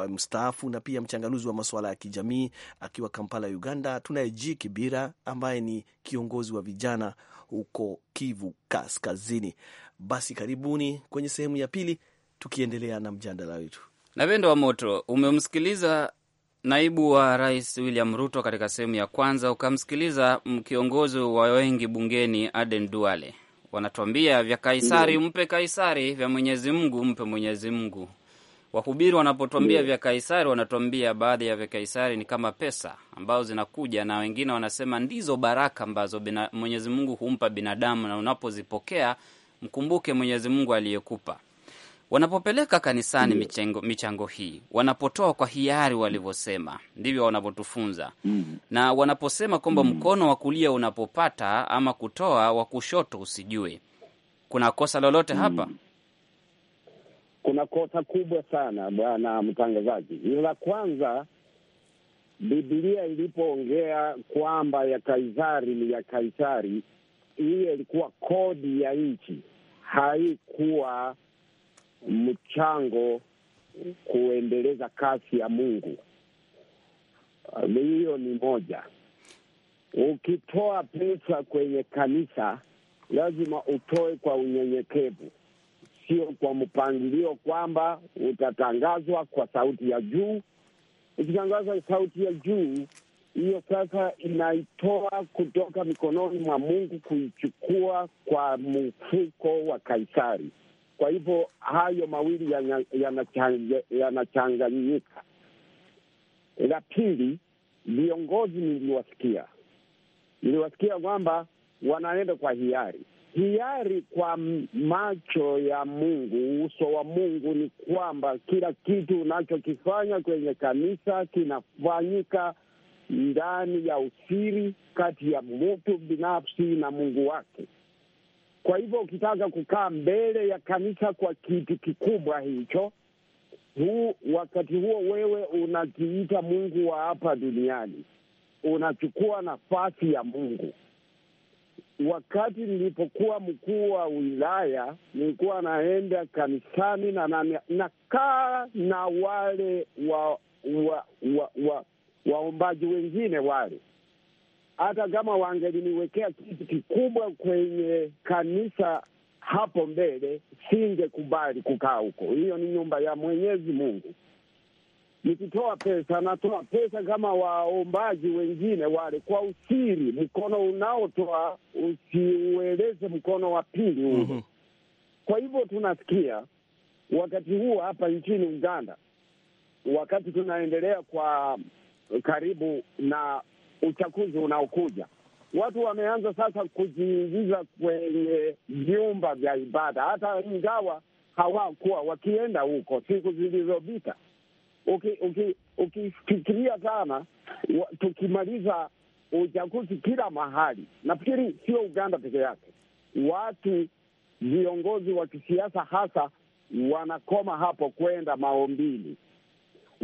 mstaafu na pia mchanganuzi wa masuala ya kijamii akiwa Kampala, Uganda. Tunaye J Kibira ambaye ni kiongozi wa vijana huko Kivu Kaskazini. Basi karibuni kwenye sehemu ya pili, tukiendelea na mjadala wetu Napendo wa Moto. Umemsikiliza naibu wa rais William Ruto katika sehemu ya kwanza, ukamsikiliza kiongozi wa wengi bungeni Aden Duale. Wanatuambia vya Kaisari mpe Kaisari, vya Mwenyezi Mungu mpe Mwenyezi Mungu. Wahubiri wanapotuambia vya Kaisari, wanatuambia baadhi ya vya Kaisari ni kama pesa ambazo zinakuja, na wengine wanasema ndizo baraka ambazo Mwenyezi Mungu humpa binadamu, na unapozipokea mkumbuke Mwenyezi Mungu aliyekupa. Wanapopeleka kanisani michango, michango hii wanapotoa kwa hiari walivyosema, ndivyo wanavyotufunza mm. na wanaposema kwamba mm. mkono wa kulia unapopata ama kutoa wa kushoto usijue, kuna kosa lolote hapa? Mm-hmm. Kuna kosa kubwa sana bwana mtangazaji. Hilo la kwanza, Biblia ilipoongea kwamba ya Kaisari ni ya Kaisari, hiyo ilikuwa kodi ya nchi haikuwa mchango kuendeleza kazi ya Mungu. Hiyo ni moja. Ukitoa pesa kwenye kanisa, lazima utoe kwa unyenyekevu, sio kwa mpangilio kwamba utatangazwa kwa sauti ya juu. Ukitangazwa sauti ya juu, hiyo sasa inaitoa kutoka mikononi mwa Mungu kuichukua kwa mfuko wa Kaisari. Kwa hivyo hayo mawili yanachanganyika. Ya la pili, viongozi niliwasikia, niliwasikia kwamba wanaenda kwa hiari. Hiari kwa macho ya Mungu, uso wa Mungu ni kwamba kila kitu unachokifanya kwenye kanisa kinafanyika ndani ya usiri kati ya mtu binafsi na Mungu wake. Kwa hivyo ukitaka kukaa mbele ya kanisa kwa kiti kikubwa hicho, huu wakati huo wewe unakiita Mungu wa hapa duniani, unachukua nafasi ya Mungu. Wakati nilipokuwa mkuu wa wilaya, nilikuwa naenda kanisani na nakaa na, na wale wa wa, wa, wa waombaji wengine wale, hata kama wangeliniwekea kitu kikubwa kwenye kanisa hapo mbele, singekubali kukaa huko. Hiyo ni nyumba ya Mwenyezi Mungu. Nikitoa pesa, natoa pesa kama waombaji wengine wale, kwa usiri. Mkono unaotoa usiueleze mkono wa pili ule. mm-hmm. Kwa hivyo tunasikia wakati huu hapa nchini Uganda, wakati tunaendelea kwa karibu na uchaguzi unaokuja. Watu wameanza sasa kujiingiza kwenye vyumba vya ibada, hata ingawa hawakuwa wakienda huko siku zilizopita. Ukifikiria uki, sana tukimaliza uchaguzi kila mahali, nafikiri sio Uganda peke yake, watu viongozi wa kisiasa hasa wanakoma hapo kwenda maombili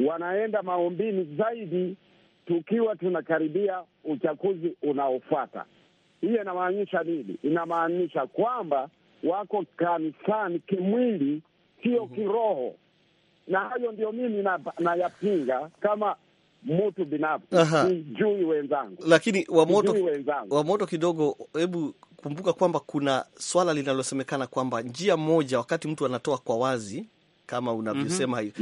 wanaenda maombini zaidi tukiwa tunakaribia uchaguzi unaofuata. Hiyo inamaanisha nini? Inamaanisha kwamba wako kanisani kimwili, sio mm -hmm. kiroho, na hayo ndio mimi nayapinga na kama mtu binafsi, sijui wenzangu, lakini wamoto wamoto kidogo, hebu kumbuka kwamba kuna swala linalosemekana kwamba njia moja, wakati mtu anatoa kwa wazi kama unavyosema mm -hmm.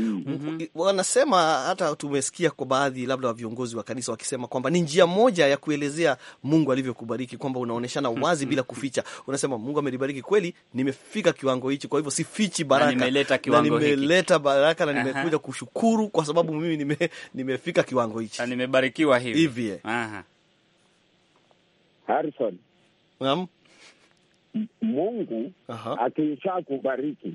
hiyo mm -hmm. hata tumesikia kwa baadhi labda wa viongozi wa kanisa wakisema kwamba ni njia moja ya kuelezea Mungu alivyokubariki, kwamba unaoneshana mm-hmm. wazi mm -hmm. bila kuficha. Unasema Mungu amenibariki kweli, nimefika kiwango hichi, kwa hivyo sifichi baraka na nimeleta kiwango nimeleta baraka na nimekuja kushukuru kwa sababu mimi nime, nimefika kiwango hichi na nimebarikiwa hivi hivi. Aha, Harrison, naam, Mungu akishakubariki,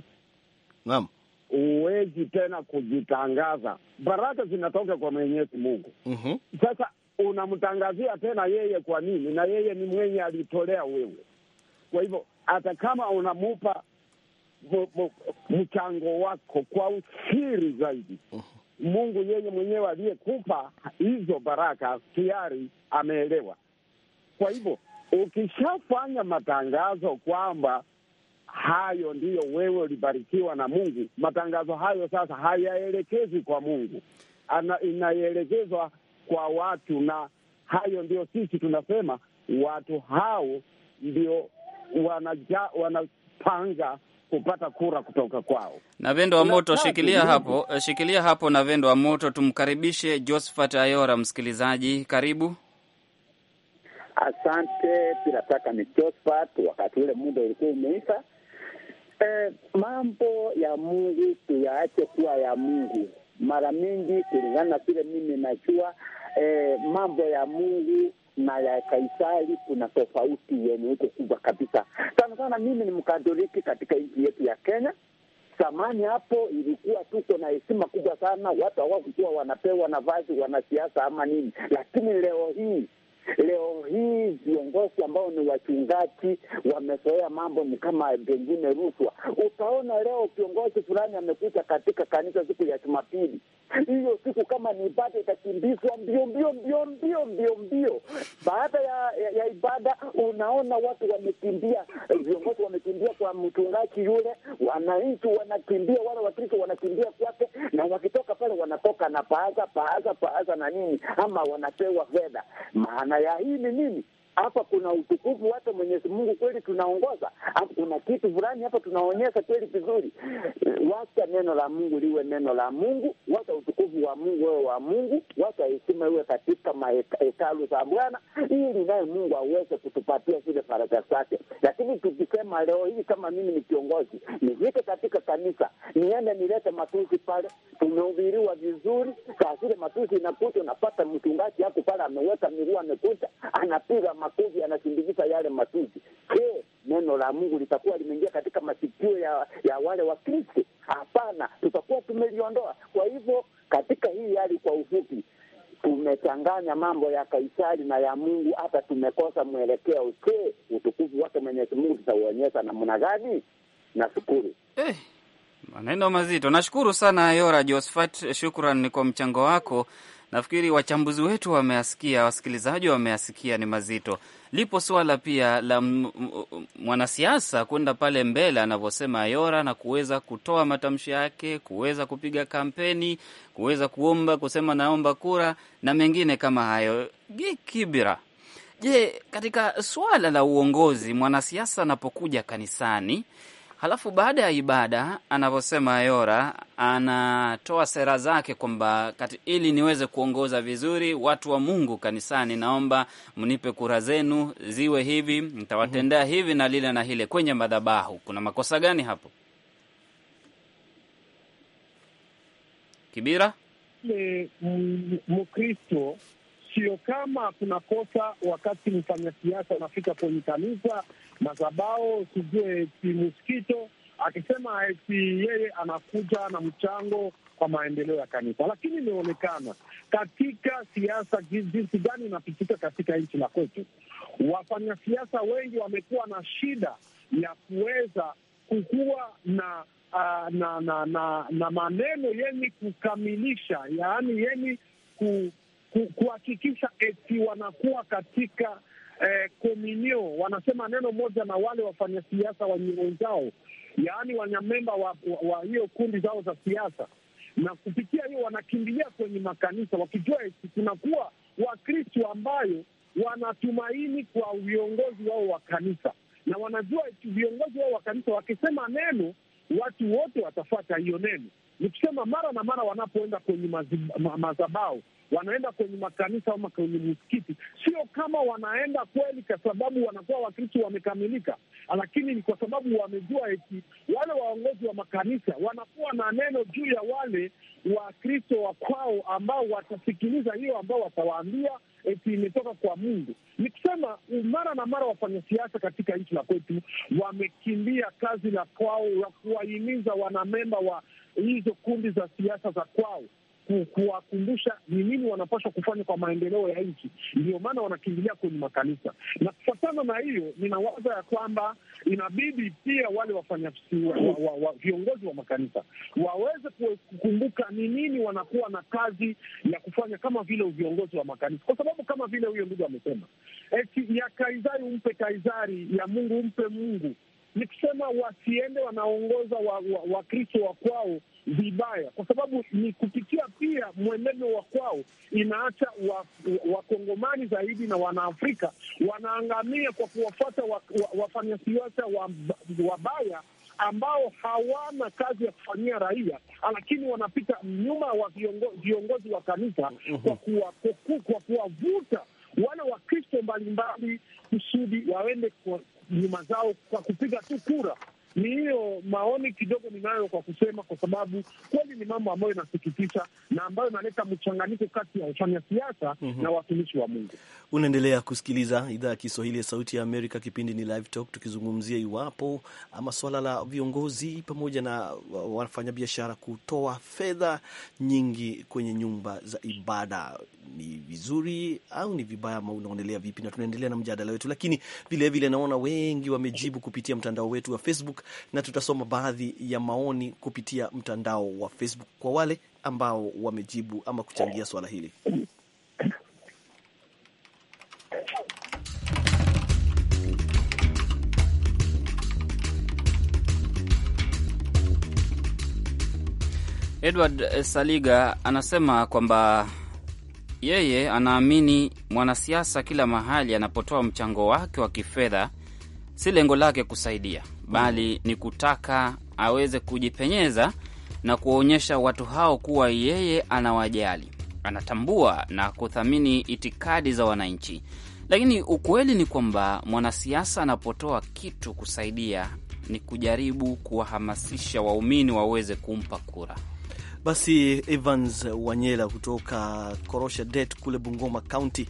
naam huwezi tena kujitangaza. Baraka zinatoka kwa Mwenyezi Mungu. mm -hmm. Sasa unamtangazia tena yeye kwa nini? Na yeye ni mwenye alitolea wewe. Kwa hivyo hata kama unamupa mchango wako kwa usiri zaidi, mm -hmm. Mungu yeye mwenyewe aliyekupa hizo baraka tayari ameelewa. Kwa hivyo ukishafanya matangazo kwamba Hayo ndiyo wewe ulibarikiwa na Mungu. Matangazo hayo sasa hayaelekezwi kwa Mungu, inaelekezwa kwa watu, na hayo ndio sisi tunasema watu hao ndio wanaja, wanapanga kupata kura kutoka kwao. Na Vendo wa Moto, shikilia hapo, eh, shikilia hapo. Na Vendo wa Moto, tumkaribishe Josephat Ayora. Msikilizaji, karibu. Asante, bila shaka ni Josephat. Wakati ule muda ulikuwa umeisha, Eh, mambo ya Mungu tuyaache kuwa ya Mungu. Mara mingi kulingana na vile mimi najua, eh, mambo ya Mungu na ya Kaisari kuna tofauti yenye iko kubwa kabisa. Sana sana mimi ni Mkatoliki katika nchi yetu ya Kenya. Zamani hapo ilikuwa tuko na heshima kubwa sana, watu hawakujua wanapewa nafasi wanasiasa ama nini, lakini leo hii Leo hii viongozi ambao ni wachungaji wamezoea mambo ni kama pengine rushwa. Utaona leo kiongozi fulani amekuja katika kanisa siku ya Jumapili, hiyo siku kama ni ibada itakimbizwa mbio mbio mbio mbio mbio mbio. Baada ya, ya, ya ibada unaona watu wamekimbia, viongozi wamekimbia kwa mchungaji yule, wananchi wanakimbia, wale Wakristo wanakimbia kwake, na wakitoka pale wanatoka na paaza paaza paaza na nini, ama wanapewa fedha maana ya hii ni nini? Hapa kuna utukufu wata Mwenyezi Mungu, kweli tunaongoza hapa, kuna kitu fulani hapa tunaonyesha kweli vizuri. Wacha neno la Mungu liwe neno la Mungu, wacha utukufu wa Mungu wewe wa Mungu, wacha heshima iwe katika mahekalu za Bwana, ili naye Mungu aweze kutupatia zile faraja zake. Lakini tukisema leo hii, kama mimi ni kiongozi, nifike katika kanisa, niende nilete matuzi pale, tumehubiriwa vizuri, ile matusi inakuja, unapata mchungaji hapo pale ameweka miguu, amekuta, anapiga makofi, anasindikiza yale matusi. Je, neno la Mungu litakuwa limeingia katika masikio ya, ya wale wa Kristo? Hapana, tutakuwa tumeliondoa. Kwa hivyo katika hii hali, kwa ufupi, tumechanganya mambo ya Kaisari na ya Mungu, hata tumekosa mwelekeo. Je, utukufu wake Mwenyezi Mungu tutauonyesha namna gani? Nashukuru eh. Maneno mazito. Nashukuru sana Yora Josfat, shukran kwa mchango wako. Nafikiri wachambuzi wetu wameasikia, wasikilizaji wameasikia, ni mazito. Lipo suala pia la mwanasiasa kwenda pale mbele anavyosema yora na kuweza kutoa matamshi yake, kuweza kupiga kampeni, kuweza kuomba, kusema naomba kura na mengine kama hayo. Gikibira, je, katika suala la uongozi mwanasiasa anapokuja kanisani Halafu baada ya ibada, anavyosema Yora, anatoa sera zake kwamba ili niweze kuongoza vizuri watu wa Mungu kanisani, naomba mnipe kura zenu ziwe hivi, nitawatendea mhm. hivi na lile na hile kwenye madhabahu. Kuna makosa gani hapo? Kibira Mkristo sio kama kuna kosa wakati mfanyasiasa unafika kwenye kanisa madhabao, sijue ti muskito akisema eti yeye anakuja na mchango kwa maendeleo ya kanisa, lakini imeonekana katika siasa jinsi gani inapitika katika nchi la kwetu. Wafanyasiasa wengi wamekuwa na shida ya kuweza kukuwa na, uh, na, na, na, na maneno yeni kukamilisha, yaani yeni kuhakikisha eti wanakuwa katika eh, komunio, wanasema neno moja na wale wafanyasiasa wa nyimbo zao, yaani wanyamemba wa hiyo kundi zao za siasa, na kupitia hiyo wanakimbilia kwenye makanisa wakijua eti kunakuwa Wakristo ambayo wanatumaini kwa viongozi wao wa kanisa, na wanajua eti viongozi wao wa kanisa wakisema neno watu wote watafata hiyo neno. Nikisema mara na mara wanapoenda kwenye ma, wanaenda kwenye makanisa ama kwenye misikiti, sio kama wanaenda kweli kwa sababu wanakuwa Wakristo wamekamilika, lakini ni kwa sababu wamejua eti wale waongozi wa makanisa wanakuwa na neno juu ya wale Wakristo wa kwao ambao watasikiliza hiyo ambao watawaambia eti eh, imetoka kwa Mungu. Ni kusema mara na mara wafanya siasa katika nchi la kwetu wamekimbia kazi la kwao ya kuwahimiza wanamemba wa hizo kundi za siasa za kwao kuwakumbusha ni nini wanapaswa kufanya kwa maendeleo ya nchi. Ndio maana wanakimbilia kwenye makanisa, na kufuatana na hiyo, ninawaza ya kwamba inabidi pia wale wafanya viongozi wa makanisa waweze kukumbuka ni nini wanakuwa na kazi ya kufanya, kama vile viongozi wa makanisa, kwa sababu kama vile huyo ndugu amesema, eti ya Kaisari umpe Kaisari, ya Mungu umpe Mungu ni kusema wasiende wanaongoza Wakristo wa, wa, wa kwao vibaya, kwa sababu ni kupitia pia mwenendo wa kwao inaacha wakongomani wa, wa zaidi na wanaafrika wanaangamia kwa kuwafuata wafanyasiasa wa, wa wabaya wa ambao hawana kazi ya kufanyia raia, lakini wanapita nyuma wa viongozi wa kanisa mhm. kwa kuwavuta wale Wakristo mbalimbali kusudi waende nyuma zao kwa kupiga tu kura. Ni hiyo maoni kidogo ninayo kwa kusema, kwa sababu kweli ni mambo ambayo inasikitisha na ambayo inaleta mchanganyiko kati ya siasa mm -hmm. na watumishi wa Mungu. Unaendelea kusikiliza idhaa ya Kiswahili ya Sauti ya Amerika, kipindi ni Live Talk, tukizungumzia iwapo ama swala la viongozi pamoja na wafanyabiashara kutoa fedha nyingi kwenye nyumba za ibada ni vizuri au ni vibaya, ama unaonelea vipi? Na tunaendelea na mjadala wetu, lakini vilevile naona wengi wamejibu kupitia mtandao wetu wa Facebook, na tutasoma baadhi ya maoni kupitia mtandao wa Facebook kwa wale ambao wamejibu ama kuchangia swala hili. Edward Saliga anasema kwamba yeye anaamini mwanasiasa kila mahali anapotoa mchango wake wa kifedha, si lengo lake kusaidia, bali ni kutaka aweze kujipenyeza na kuwaonyesha watu hao kuwa yeye anawajali, anatambua na kuthamini itikadi za wananchi. Lakini ukweli ni kwamba mwanasiasa anapotoa kitu kusaidia, ni kujaribu kuwahamasisha waumini waweze kumpa kura. Basi Evans Wanyela kutoka Korosha Det kule Bungoma County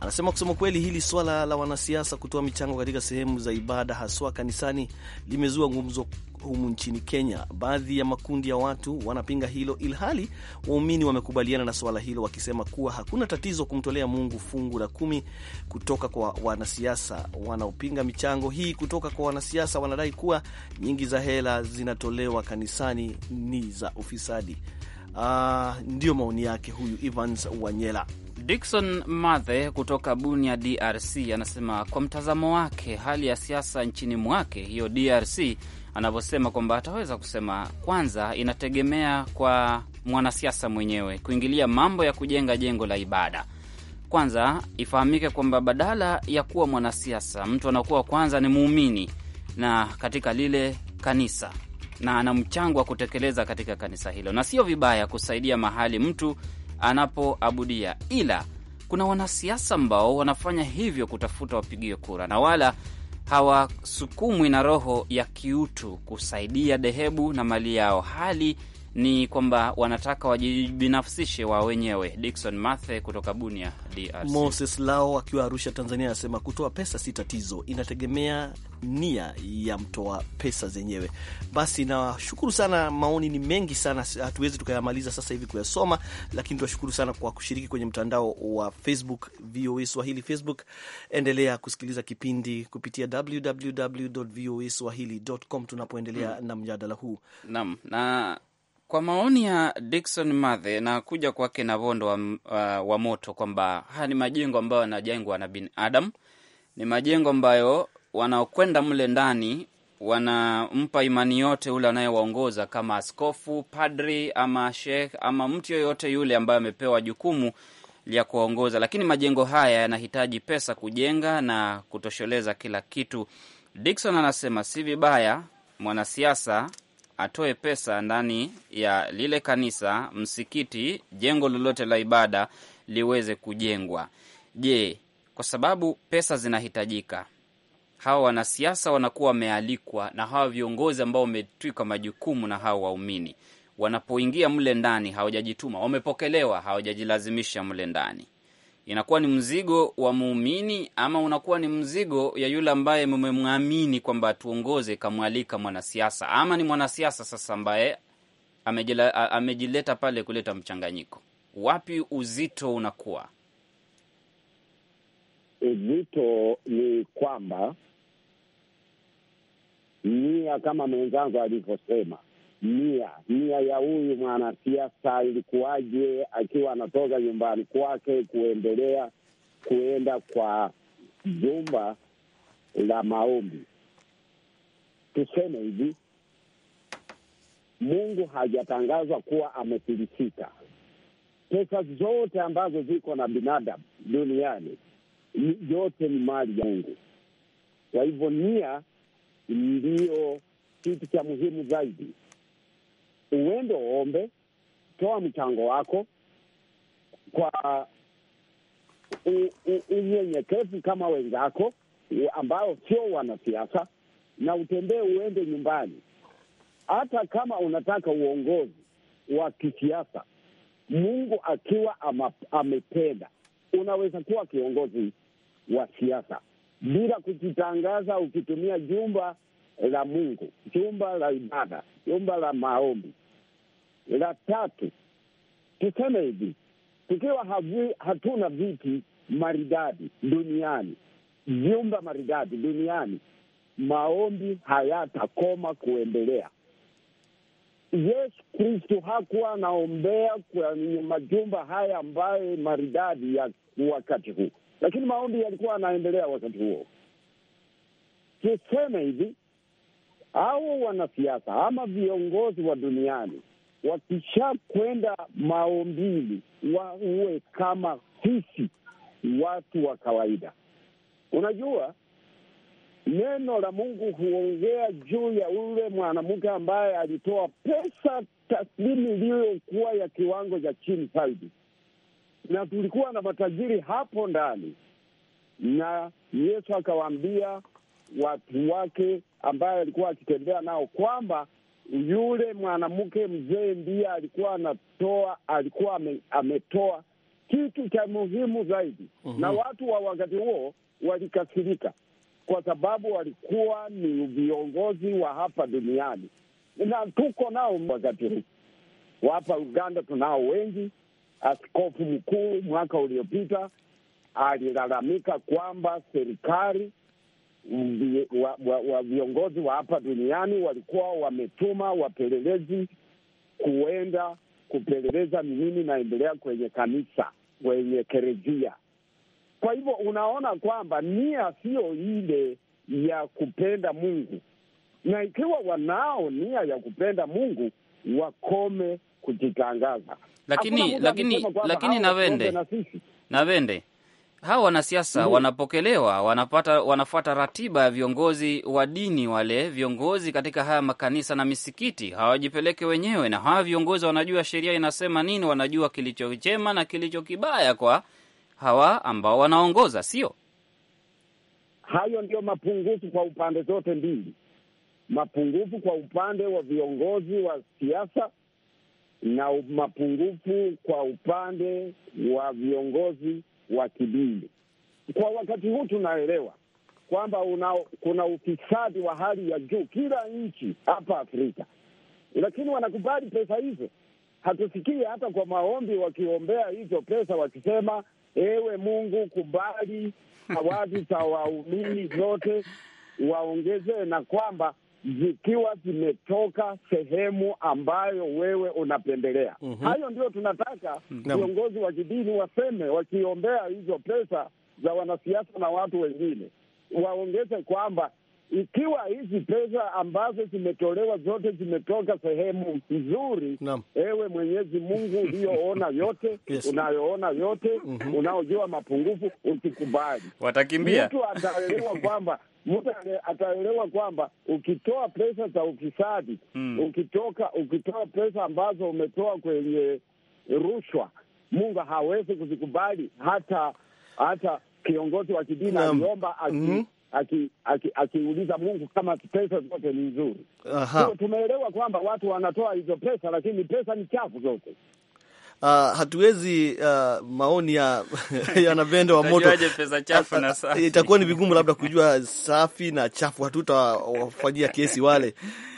anasema kusema kweli, hili swala la wanasiasa kutoa michango katika sehemu za ibada haswa kanisani limezua gumzo humu nchini Kenya. Baadhi ya makundi ya watu wanapinga hilo, ilhali waumini wamekubaliana na suala hilo, wakisema kuwa hakuna tatizo kumtolea Mungu fungu la kumi kutoka kwa wanasiasa. Wanaopinga michango hii kutoka kwa wanasiasa wanadai kuwa nyingi za hela zinatolewa kanisani ni za ufisadi. Uh, ndio maoni yake huyu Evans Wanyela dikson Mathe kutoka Bunia, DRC, anasema kwa mtazamo wake hali ya siasa nchini mwake hiyo DRC, anavyosema kwamba ataweza kusema kwanza, inategemea kwa mwanasiasa mwenyewe kuingilia mambo ya kujenga jengo la ibada. Kwanza ifahamike kwamba badala ya kuwa mwanasiasa, mtu anakuwa kwanza ni muumini na katika lile kanisa na ana mchango wa kutekeleza katika kanisa hilo, na sio vibaya kusaidia mahali mtu anapoabudia, ila kuna wanasiasa ambao wanafanya hivyo kutafuta wapigie kura na wala hawasukumwi na roho ya kiutu kusaidia dhehebu na mali yao, hali ni kwamba wanataka wajibinafsishe wao wenyewe. Dikson Mathe kutoka Bunia, DRC. Moses Lao akiwa Arusha, Tanzania, anasema kutoa pesa si tatizo, inategemea nia ya mtoa pesa zenyewe. Basi nawashukuru sana, maoni ni mengi sana, hatuwezi tukayamaliza sasa hivi kuyasoma, lakini tuwashukuru sana kwa kushiriki kwenye mtandao wa Facebook, VOA Swahili Facebook. Endelea kusikiliza kipindi kupitia www voa swahili com tunapoendelea hmm, na mjadala huu nam na kwa maoni ya dikson Mathe na kuja kwake na vondo wa, uh, wa moto kwamba haya ni majengo ambayo yanajengwa na binadam ni majengo ambayo wanaokwenda mle ndani wanampa imani yote yule anayewaongoza kama askofu, padri ama shekh ama mtu yoyote yule ambaye amepewa jukumu ya kuwaongoza. Lakini majengo haya yanahitaji pesa kujenga na kutosheleza kila kitu. Dikson anasema si vibaya mwanasiasa atoe pesa ndani ya lile kanisa, msikiti, jengo lolote la ibada liweze kujengwa. Je, kwa sababu pesa zinahitajika, hawa wanasiasa wanakuwa wamealikwa na hawa viongozi ambao wametwikwa majukumu na hawa waumini, wanapoingia mle ndani hawajajituma, wamepokelewa, hawajajilazimisha mle ndani inakuwa ni mzigo wa muumini ama unakuwa ni mzigo ya yule ambaye mmemwamini kwamba atuongoze, kamwalika mwanasiasa ama ni mwanasiasa sasa ambaye amejileta pale kuleta mchanganyiko? Wapi uzito unakuwa? Uzito ni kwamba nia, kama mwenzangu alivyosema, nia nia ya huyu mwanasiasa ilikuwaje, akiwa anatoka nyumbani kwake kuendelea kuenda kwa jumba la maombi. Tuseme hivi, Mungu hajatangazwa kuwa amefilisika. Pesa zote ambazo ziko na binadamu duniani yote ni mali ya Mungu. Kwa hivyo nia ndiyo kitu cha muhimu zaidi uende uombe, toa mchango wako kwa unyenyekevu kama wenzako ambao sio wanasiasa, na utembee uende nyumbani. Hata kama unataka uongozi wa kisiasa, Mungu akiwa ama, amependa unaweza kuwa kiongozi wa siasa bila kujitangaza, ukitumia jumba la Mungu, jumba la ibada, jumba la maombi, la tatu tuseme hivi, tukiwa havi, hatuna viti maridadi duniani, vyumba maridadi duniani, maombi hayatakoma kuendelea. Yesu Kristu hakuwa anaombea kwenye majumba haya ambayo maridadi ya wakati huu, lakini maombi yalikuwa anaendelea wakati huo. Tuseme hivi, au wanasiasa ama viongozi wa duniani wakishakwenda maombili wawe kama sisi watu wa kawaida. Unajua, neno la Mungu huongea juu ya ule mwanamke ambaye alitoa pesa taslimu iliyokuwa ya kiwango cha chini zaidi, na tulikuwa na matajiri hapo ndani, na Yesu akawaambia watu wake ambaye alikuwa akitembea nao kwamba yule mwanamke mzee ndiye alikuwa anatoa, alikuwa ame, ametoa kitu cha muhimu zaidi uhum. Na mhm. watu wa wakati huo walikasirika kwa sababu walikuwa ni viongozi wa hapa duniani, na tuko nao wakati huu wa hapa Uganda, tunao wengi. Askofu mkuu mwaka uliopita alilalamika kwamba serikali wa, viongozi wa hapa duniani walikuwa wametuma wapelelezi kuenda kupeleleza ni nini naendelea kwenye kanisa, kwenye kerejia. Kwa hivyo unaona kwamba nia siyo ile ya kupenda Mungu, na ikiwa wanao nia ya kupenda Mungu wakome kujitangaza. Lakini lakini lakini Nawende, Nawende, hawa wanasiasa mm, wanapokelewa wanapata, wanafuata ratiba ya viongozi wa dini. Wale viongozi katika haya makanisa na misikiti hawajipeleke wenyewe, na hawa viongozi wanajua sheria inasema nini, wanajua kilicho chema na kilicho kibaya kwa hawa ambao wanaongoza, sio? Hayo ndio mapungufu kwa upande zote mbili, mapungufu kwa upande wa viongozi wa siasa na mapungufu kwa upande wa viongozi wa kidini. Kwa wakati huu tunaelewa kwamba kuna ufisadi wa hali ya juu kila nchi hapa Afrika, lakini wanakubali pesa hizo. Hatusikii hata kwa maombi wakiombea hizo pesa wakisema, ewe Mungu kubali zawadi za waumini zote waongeze na kwamba zikiwa zimetoka sehemu ambayo wewe unapendelea. mm -hmm. Hayo ndio tunataka mhm. viongozi no. wa kidini waseme, wakiombea hizo pesa za wanasiasa na watu wengine, waongeze kwamba ikiwa hizi pesa ambazo zimetolewa zote zimetoka sehemu nzuri no. Ewe Mwenyezi Mungu uliyoona yote yes. unayoona yote mm -hmm. unaojua mapungufu usikubali. Watakimbia mtu ataelewa kwamba mtu ataelewa kwamba ukitoa pesa za ufisadi mm, ukitoka ukitoa pesa ambazo umetoa kwenye rushwa, Mungu hawezi kuzikubali. Hata hata kiongozi wa kidini aliomba aki, mm, aki, aki, akiuliza Mungu kama pesa zote ni nzuri. So, tumeelewa kwamba watu wanatoa hizo pesa, lakini pesa ni chafu zote. Uh, hatuwezi uh, maoni ya yanavendo wa moto ah, itakuwa ni vigumu labda kujua safi na chafu, hatutawafanyia kesi wale,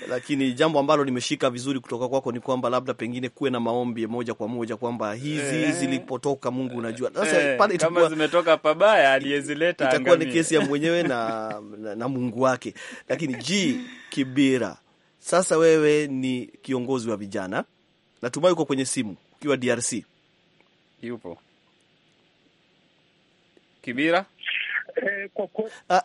lakini jambo ambalo limeshika vizuri kutoka kwako ni kwamba labda pengine kuwe na maombi moja kwa moja kwamba hizi eh. zilipotoka Mungu unajua. Sasa eh, pale itakuwa zimetoka pabaya, aliyezileta itakuwa ni kesi ya mwenyewe na, na, na Mungu wake. Lakini ji Kibira, sasa wewe ni kiongozi wa vijana, natumai uko kwenye simu ukiwa DRC? Yupo Kibira Eh, ah,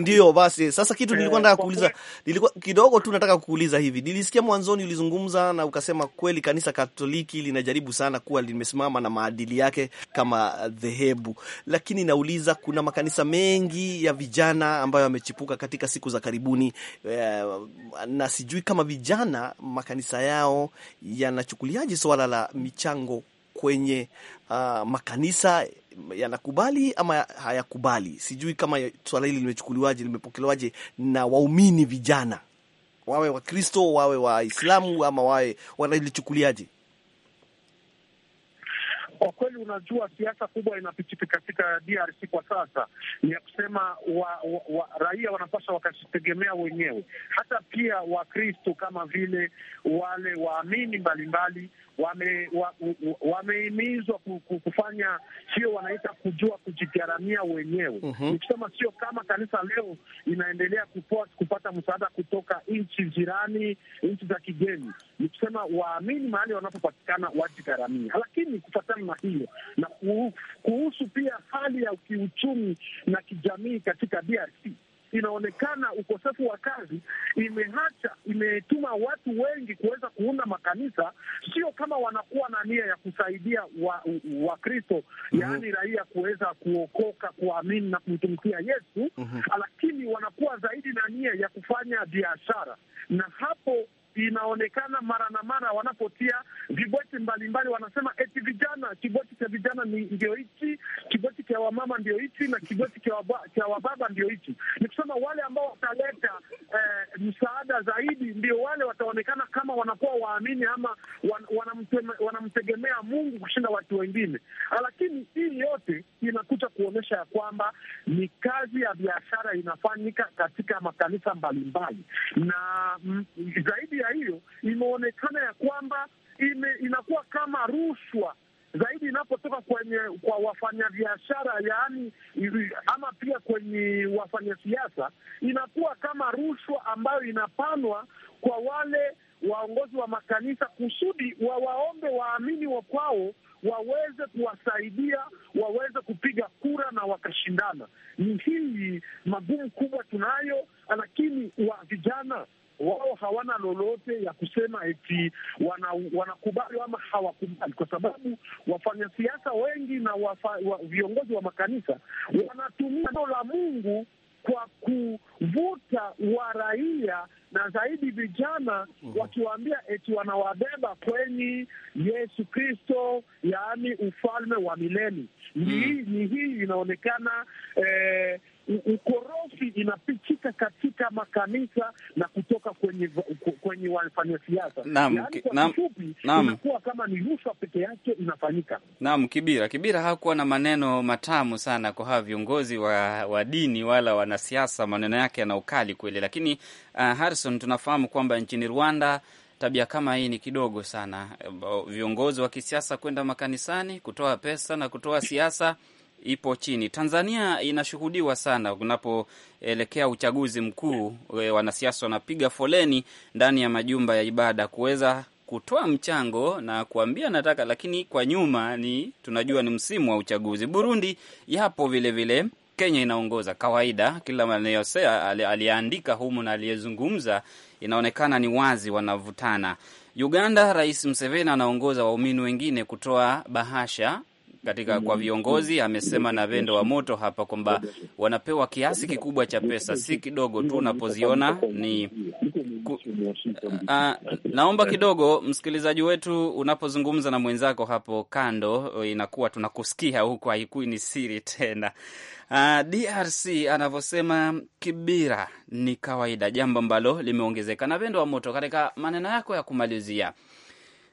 ndio basi. Sasa kitu eh, nilikuwa nataka kuuliza, nilikuwa kidogo tu nataka kuuliza hivi, nilisikia mwanzoni ulizungumza na ukasema kweli kanisa Katoliki linajaribu sana kuwa limesimama na maadili yake kama dhehebu, lakini nauliza, kuna makanisa mengi ya vijana ambayo yamechipuka katika siku za karibuni eh, na sijui kama vijana makanisa yao yanachukuliaje swala la michango kwenye uh, makanisa yanakubali ama hayakubali. Sijui kama swala hili limechukuliwaje, limepokelewaje na waumini vijana, wawe Wakristo, wawe Waislamu ama wawe wanalichukuliaje? Kwa kweli, unajua siasa kubwa inapitika katika DRC kwa sasa ni ya kusema wa, wa, wa, raia wanapaswa wakajitegemea wenyewe, hata pia Wakristo kama vile wale waamini mbalimbali wamehimizwa wa kufanya sio, wanaita kujua kujigharamia wenyewe. mm -hmm. Nikisema sio kama kanisa leo inaendelea kupoa, kupata msaada kutoka nchi jirani, nchi za kigeni, Nikisema waamini mahali wanapopatikana wajigharamia, lakini kufatana kama hiyo, na kuhusu pia hali ya kiuchumi na kijamii katika DRC inaonekana ukosefu wa kazi imeacha imetuma watu wengi kuweza kuunda makanisa, sio kama wanakuwa na nia ya kusaidia Wakristo wa mm -hmm. yaani raia kuweza kuokoka, kuamini na kumtumikia Yesu mm -hmm. Lakini wanakuwa zaidi na nia ya kufanya biashara, na hapo inaonekana mara na mara wanapotia vibweti mbalimbali, wanasema eti vijana, kibweti cha vijana ni ndio hichi, kibweti cha wamama ndio hichi, na kibweti cha wababa ndio hichi. Ni kusema wale ambao wataleta eh, msaada zaidi ndio wale wataonekana kama wanakuwa waamini ama wanamtegemea wana wana Mungu kushinda watu wengine, lakini hii yote inakuja kuonyesha ya kwamba ni kazi ya biashara inafanyika katika makanisa mbalimbali na mm, kuonekana ya kwamba ime, inakuwa kama rushwa zaidi inapotoka kwenye kwa wafanyabiashara yaani, ama pia kwenye wafanyasiasa, inakuwa kama rushwa ambayo inapanwa kwa wale waongozi wa makanisa kusudi wawaombe waamini wa kwao waweze kuwasaidia waweze kupiga kura na wakashindana. Ni hii magumu kubwa tunayo, lakini wa vijana wao hawana lolote ya kusema eti wana, wanakubali ama hawakubali, kwa sababu wafanyasiasa wengi na wafa, wa, viongozi wa makanisa wanatumia neno la Mungu kwa kuvuta waraia na zaidi vijana mhm. Wakiwaambia eti wanawabeba kwenye Yesu Kristo, yaani ufalme wa mileni mm Ni hii inaonekana eh, ukorofi inapichika katika makanisa na kutoka kwenye kwenye wafanyasiasa. Naam, yaani naam, inakuwa kama ni rushwa peke yake inafanyika. Naam, Kibira Kibira hakuwa na maneno matamu sana kwa hawa viongozi wa, wa dini wala wanasiasa, maneno yake yana ukali kweli, lakini uh, Harrison, tunafahamu kwamba nchini Rwanda tabia kama hii ni kidogo sana, viongozi wa kisiasa kwenda makanisani kutoa pesa na kutoa siasa ipo chini. Tanzania inashuhudiwa sana kunapoelekea uchaguzi mkuu, e, wanasiasa wanapiga foleni ndani ya majumba ya ibada kuweza kutoa mchango na kuambia nataka, lakini kwa nyuma ni tunajua ni msimu wa uchaguzi. Burundi yapo vilevile vile. Kenya inaongoza kawaida, kila manayosea aliyeandika humu na aliyezungumza inaonekana ni wazi wanavutana. Uganda, Rais Museveni anaongoza waumini wengine kutoa bahasha katika kwa viongozi, amesema na Vendo wa Moto hapa kwamba wanapewa kiasi kikubwa cha pesa, si kidogo tu unapoziona ni ku, a, naomba kidogo msikilizaji wetu, unapozungumza na mwenzako hapo kando, inakuwa tunakusikia huku, haikui ni siri tena. A, DRC anavyosema kibira ni kawaida, jambo ambalo limeongezeka. Na Vendo wa Moto, katika maneno yako ya kumalizia,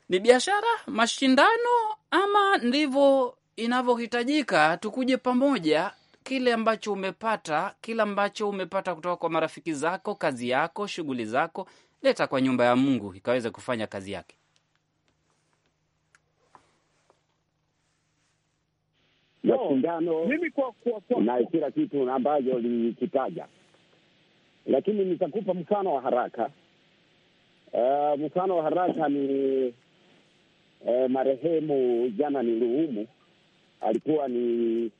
ni biashara mashindano, ama ndivyo inavyohitajika, tukuje pamoja kile ambacho umepata, kile ambacho umepata kutoka kwa marafiki zako, kazi yako, shughuli zako, leta kwa nyumba ya Mungu ikaweze kufanya kazi yake. mashindano na kila kitu ambayo lilikitaja, lakini nitakupa mfano wa haraka. Uh, mfano wa haraka ni uh, marehemu jana ni Luhumu alikuwa ni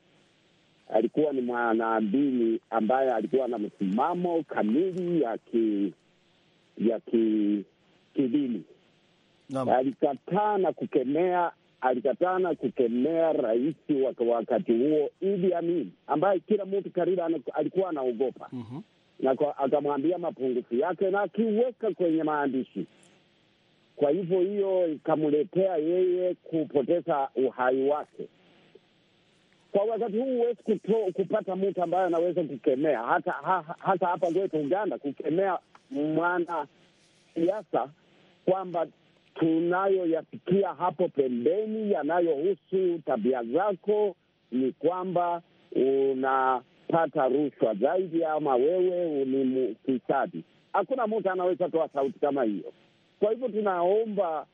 alikuwa ni mwanadini ambaye alikuwa na msimamo kamili ya ki, ya ki, kidini. Alikataa na kukemea alikataa na kukemea rais wa wakati huo Idi Amin, ambaye kila mtu karibu alikuwa anaogopa mm -hmm. na akamwambia mapungufu yake na akiweka kwenye maandishi. Kwa hivyo hiyo ikamletea yeye kupoteza uhai wake kwa wakati huu huwezi kupata mtu ambaye anaweza kukemea hata ha, hata hapa kwetu Uganda kukemea mwana siasa kwamba tunayoyafikia hapo pembeni yanayohusu tabia zako ni kwamba unapata rushwa zaidi ama wewe ni mfisadi. Hakuna mtu anaweza toa sauti kama hiyo. Kwa hivyo tunaomba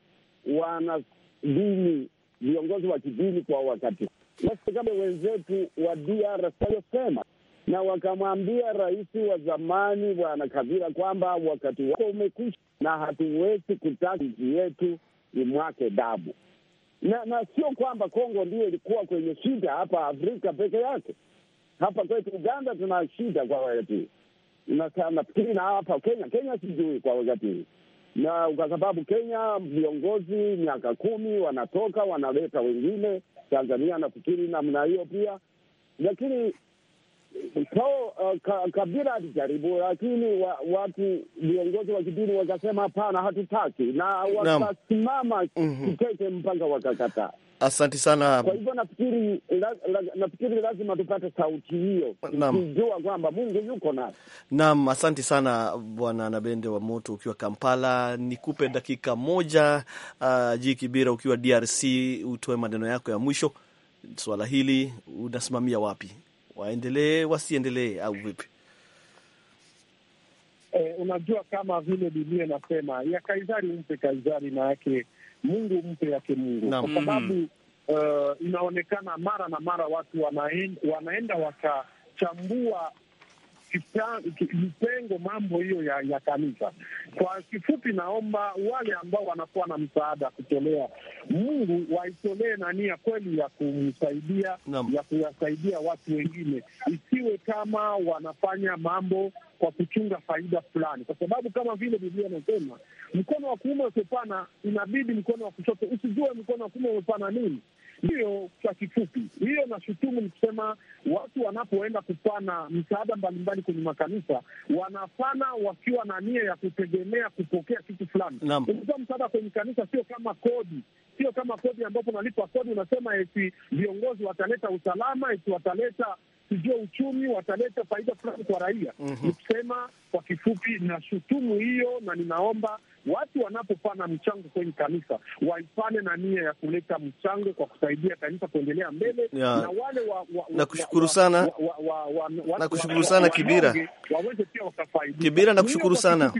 wanadini, viongozi wa kidini kwa wakati basi kama wenzetu wa DR waliosema na wakamwambia rais wa zamani Bwana Kabila kwamba wakati wako umekwisha na hatuwezi kutaka nchi yetu imwake damu. Na, na sio kwamba Kongo ndio ilikuwa kwenye shida hapa Afrika peke yake. Hapa kwetu Uganda tuna shida kwa wakati huu, nafikiri na hapa Kenya. Kenya sijui kwa wakati huu, na kwa sababu Kenya viongozi miaka kumi wanatoka wanaleta wengine Tanzania nafikiri namna hiyo pia, lakini so, uh, Kabila alijaribu, lakini wa, watu viongozi wa kidini wakasema hapana, hatutaki na wakasimama mm -hmm. kitete mpaka wakakataa. Asante sana. Kwa hivyo nafikiri la, la, nafikiri lazima tupate sauti hiyo tukijua kwamba Mungu yuko nasi. Naam, asante sana Bwana Nabende wa Moto ukiwa Kampala. Nikupe dakika moja, uh, Ji Kibira ukiwa DRC utoe maneno yako ya mwisho. Swala hili unasimamia wapi? Waendelee, wasiendelee au vipi? Eh, unajua kama vile Biblia inasema ya Kaisari mpe Kaisari na yake Mungu mpe yake Mungu kwa sababu uh, inaonekana mara na mara watu wanaenda wakachambua kitengo mambo hiyo ya, ya kanisa. Kwa kifupi, naomba wale ambao wanakuwa na msaada kutolea Mungu waitolee nani ya kweli ya kumsaidia ya kuwasaidia watu wengine, isiwe kama wanafanya mambo kwa kuchunga faida fulani, kwa sababu kama vile Biblia inasema mkono wa kuume usiopana, inabidi mkono wa kushoto usijue mkono wa kuume umepana nini hiyo kwa kifupi hiyo nashutumu nikusema, watu wanapoenda kupana msaada mbalimbali kwenye makanisa wanapana wakiwa na nia ya kutegemea kupokea kitu fulani. Unatoa msaada kwenye kanisa, sio kama kodi, sio kama kodi ambapo unalipa kodi unasema eti viongozi wataleta usalama, eti wataleta sijua uchumi, wataleta faida fulani kwa raia. Mm -hmm. Nikusema kwa kifupi, nashutumu hiyo na ninaomba Watu wanapofanya mchango kwenye kanisa waifane na nia ya kuleta mchango kwa kusaidia kanisa kuendelea mbele ya. Na wale wa, wa, nakushukuru sana wa, wa, wa, wa, nakushukuru sana Kibira waweze pia wakafaidika. Kibira nakushukuru sana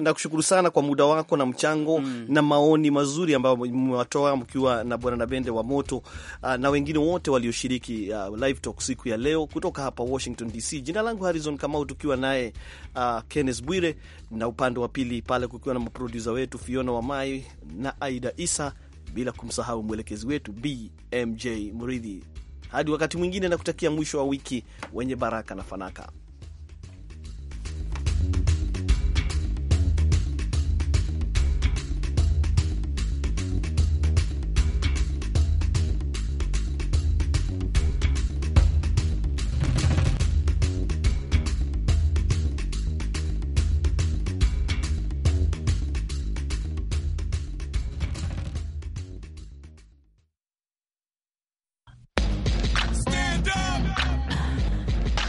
nakushukuru sana kwa muda wako na mchango mm, na maoni mazuri ambayo mmewatoa mkiwa na Bwana Nabende wa Moto ah, na wengine wote walioshiriki uh, live talk siku ya leo kutoka hapa Washington DC. Jina langu Harrison Kamau tukiwa naye uh, Kenneth Bwire na upande wa wa pili pale kukiwa na maprodusa wetu Fiona Wamai na Aida Isa, bila kumsahau mwelekezi wetu BMJ Mridhi. Hadi wakati mwingine, na kutakia mwisho wa wiki wenye baraka na fanaka.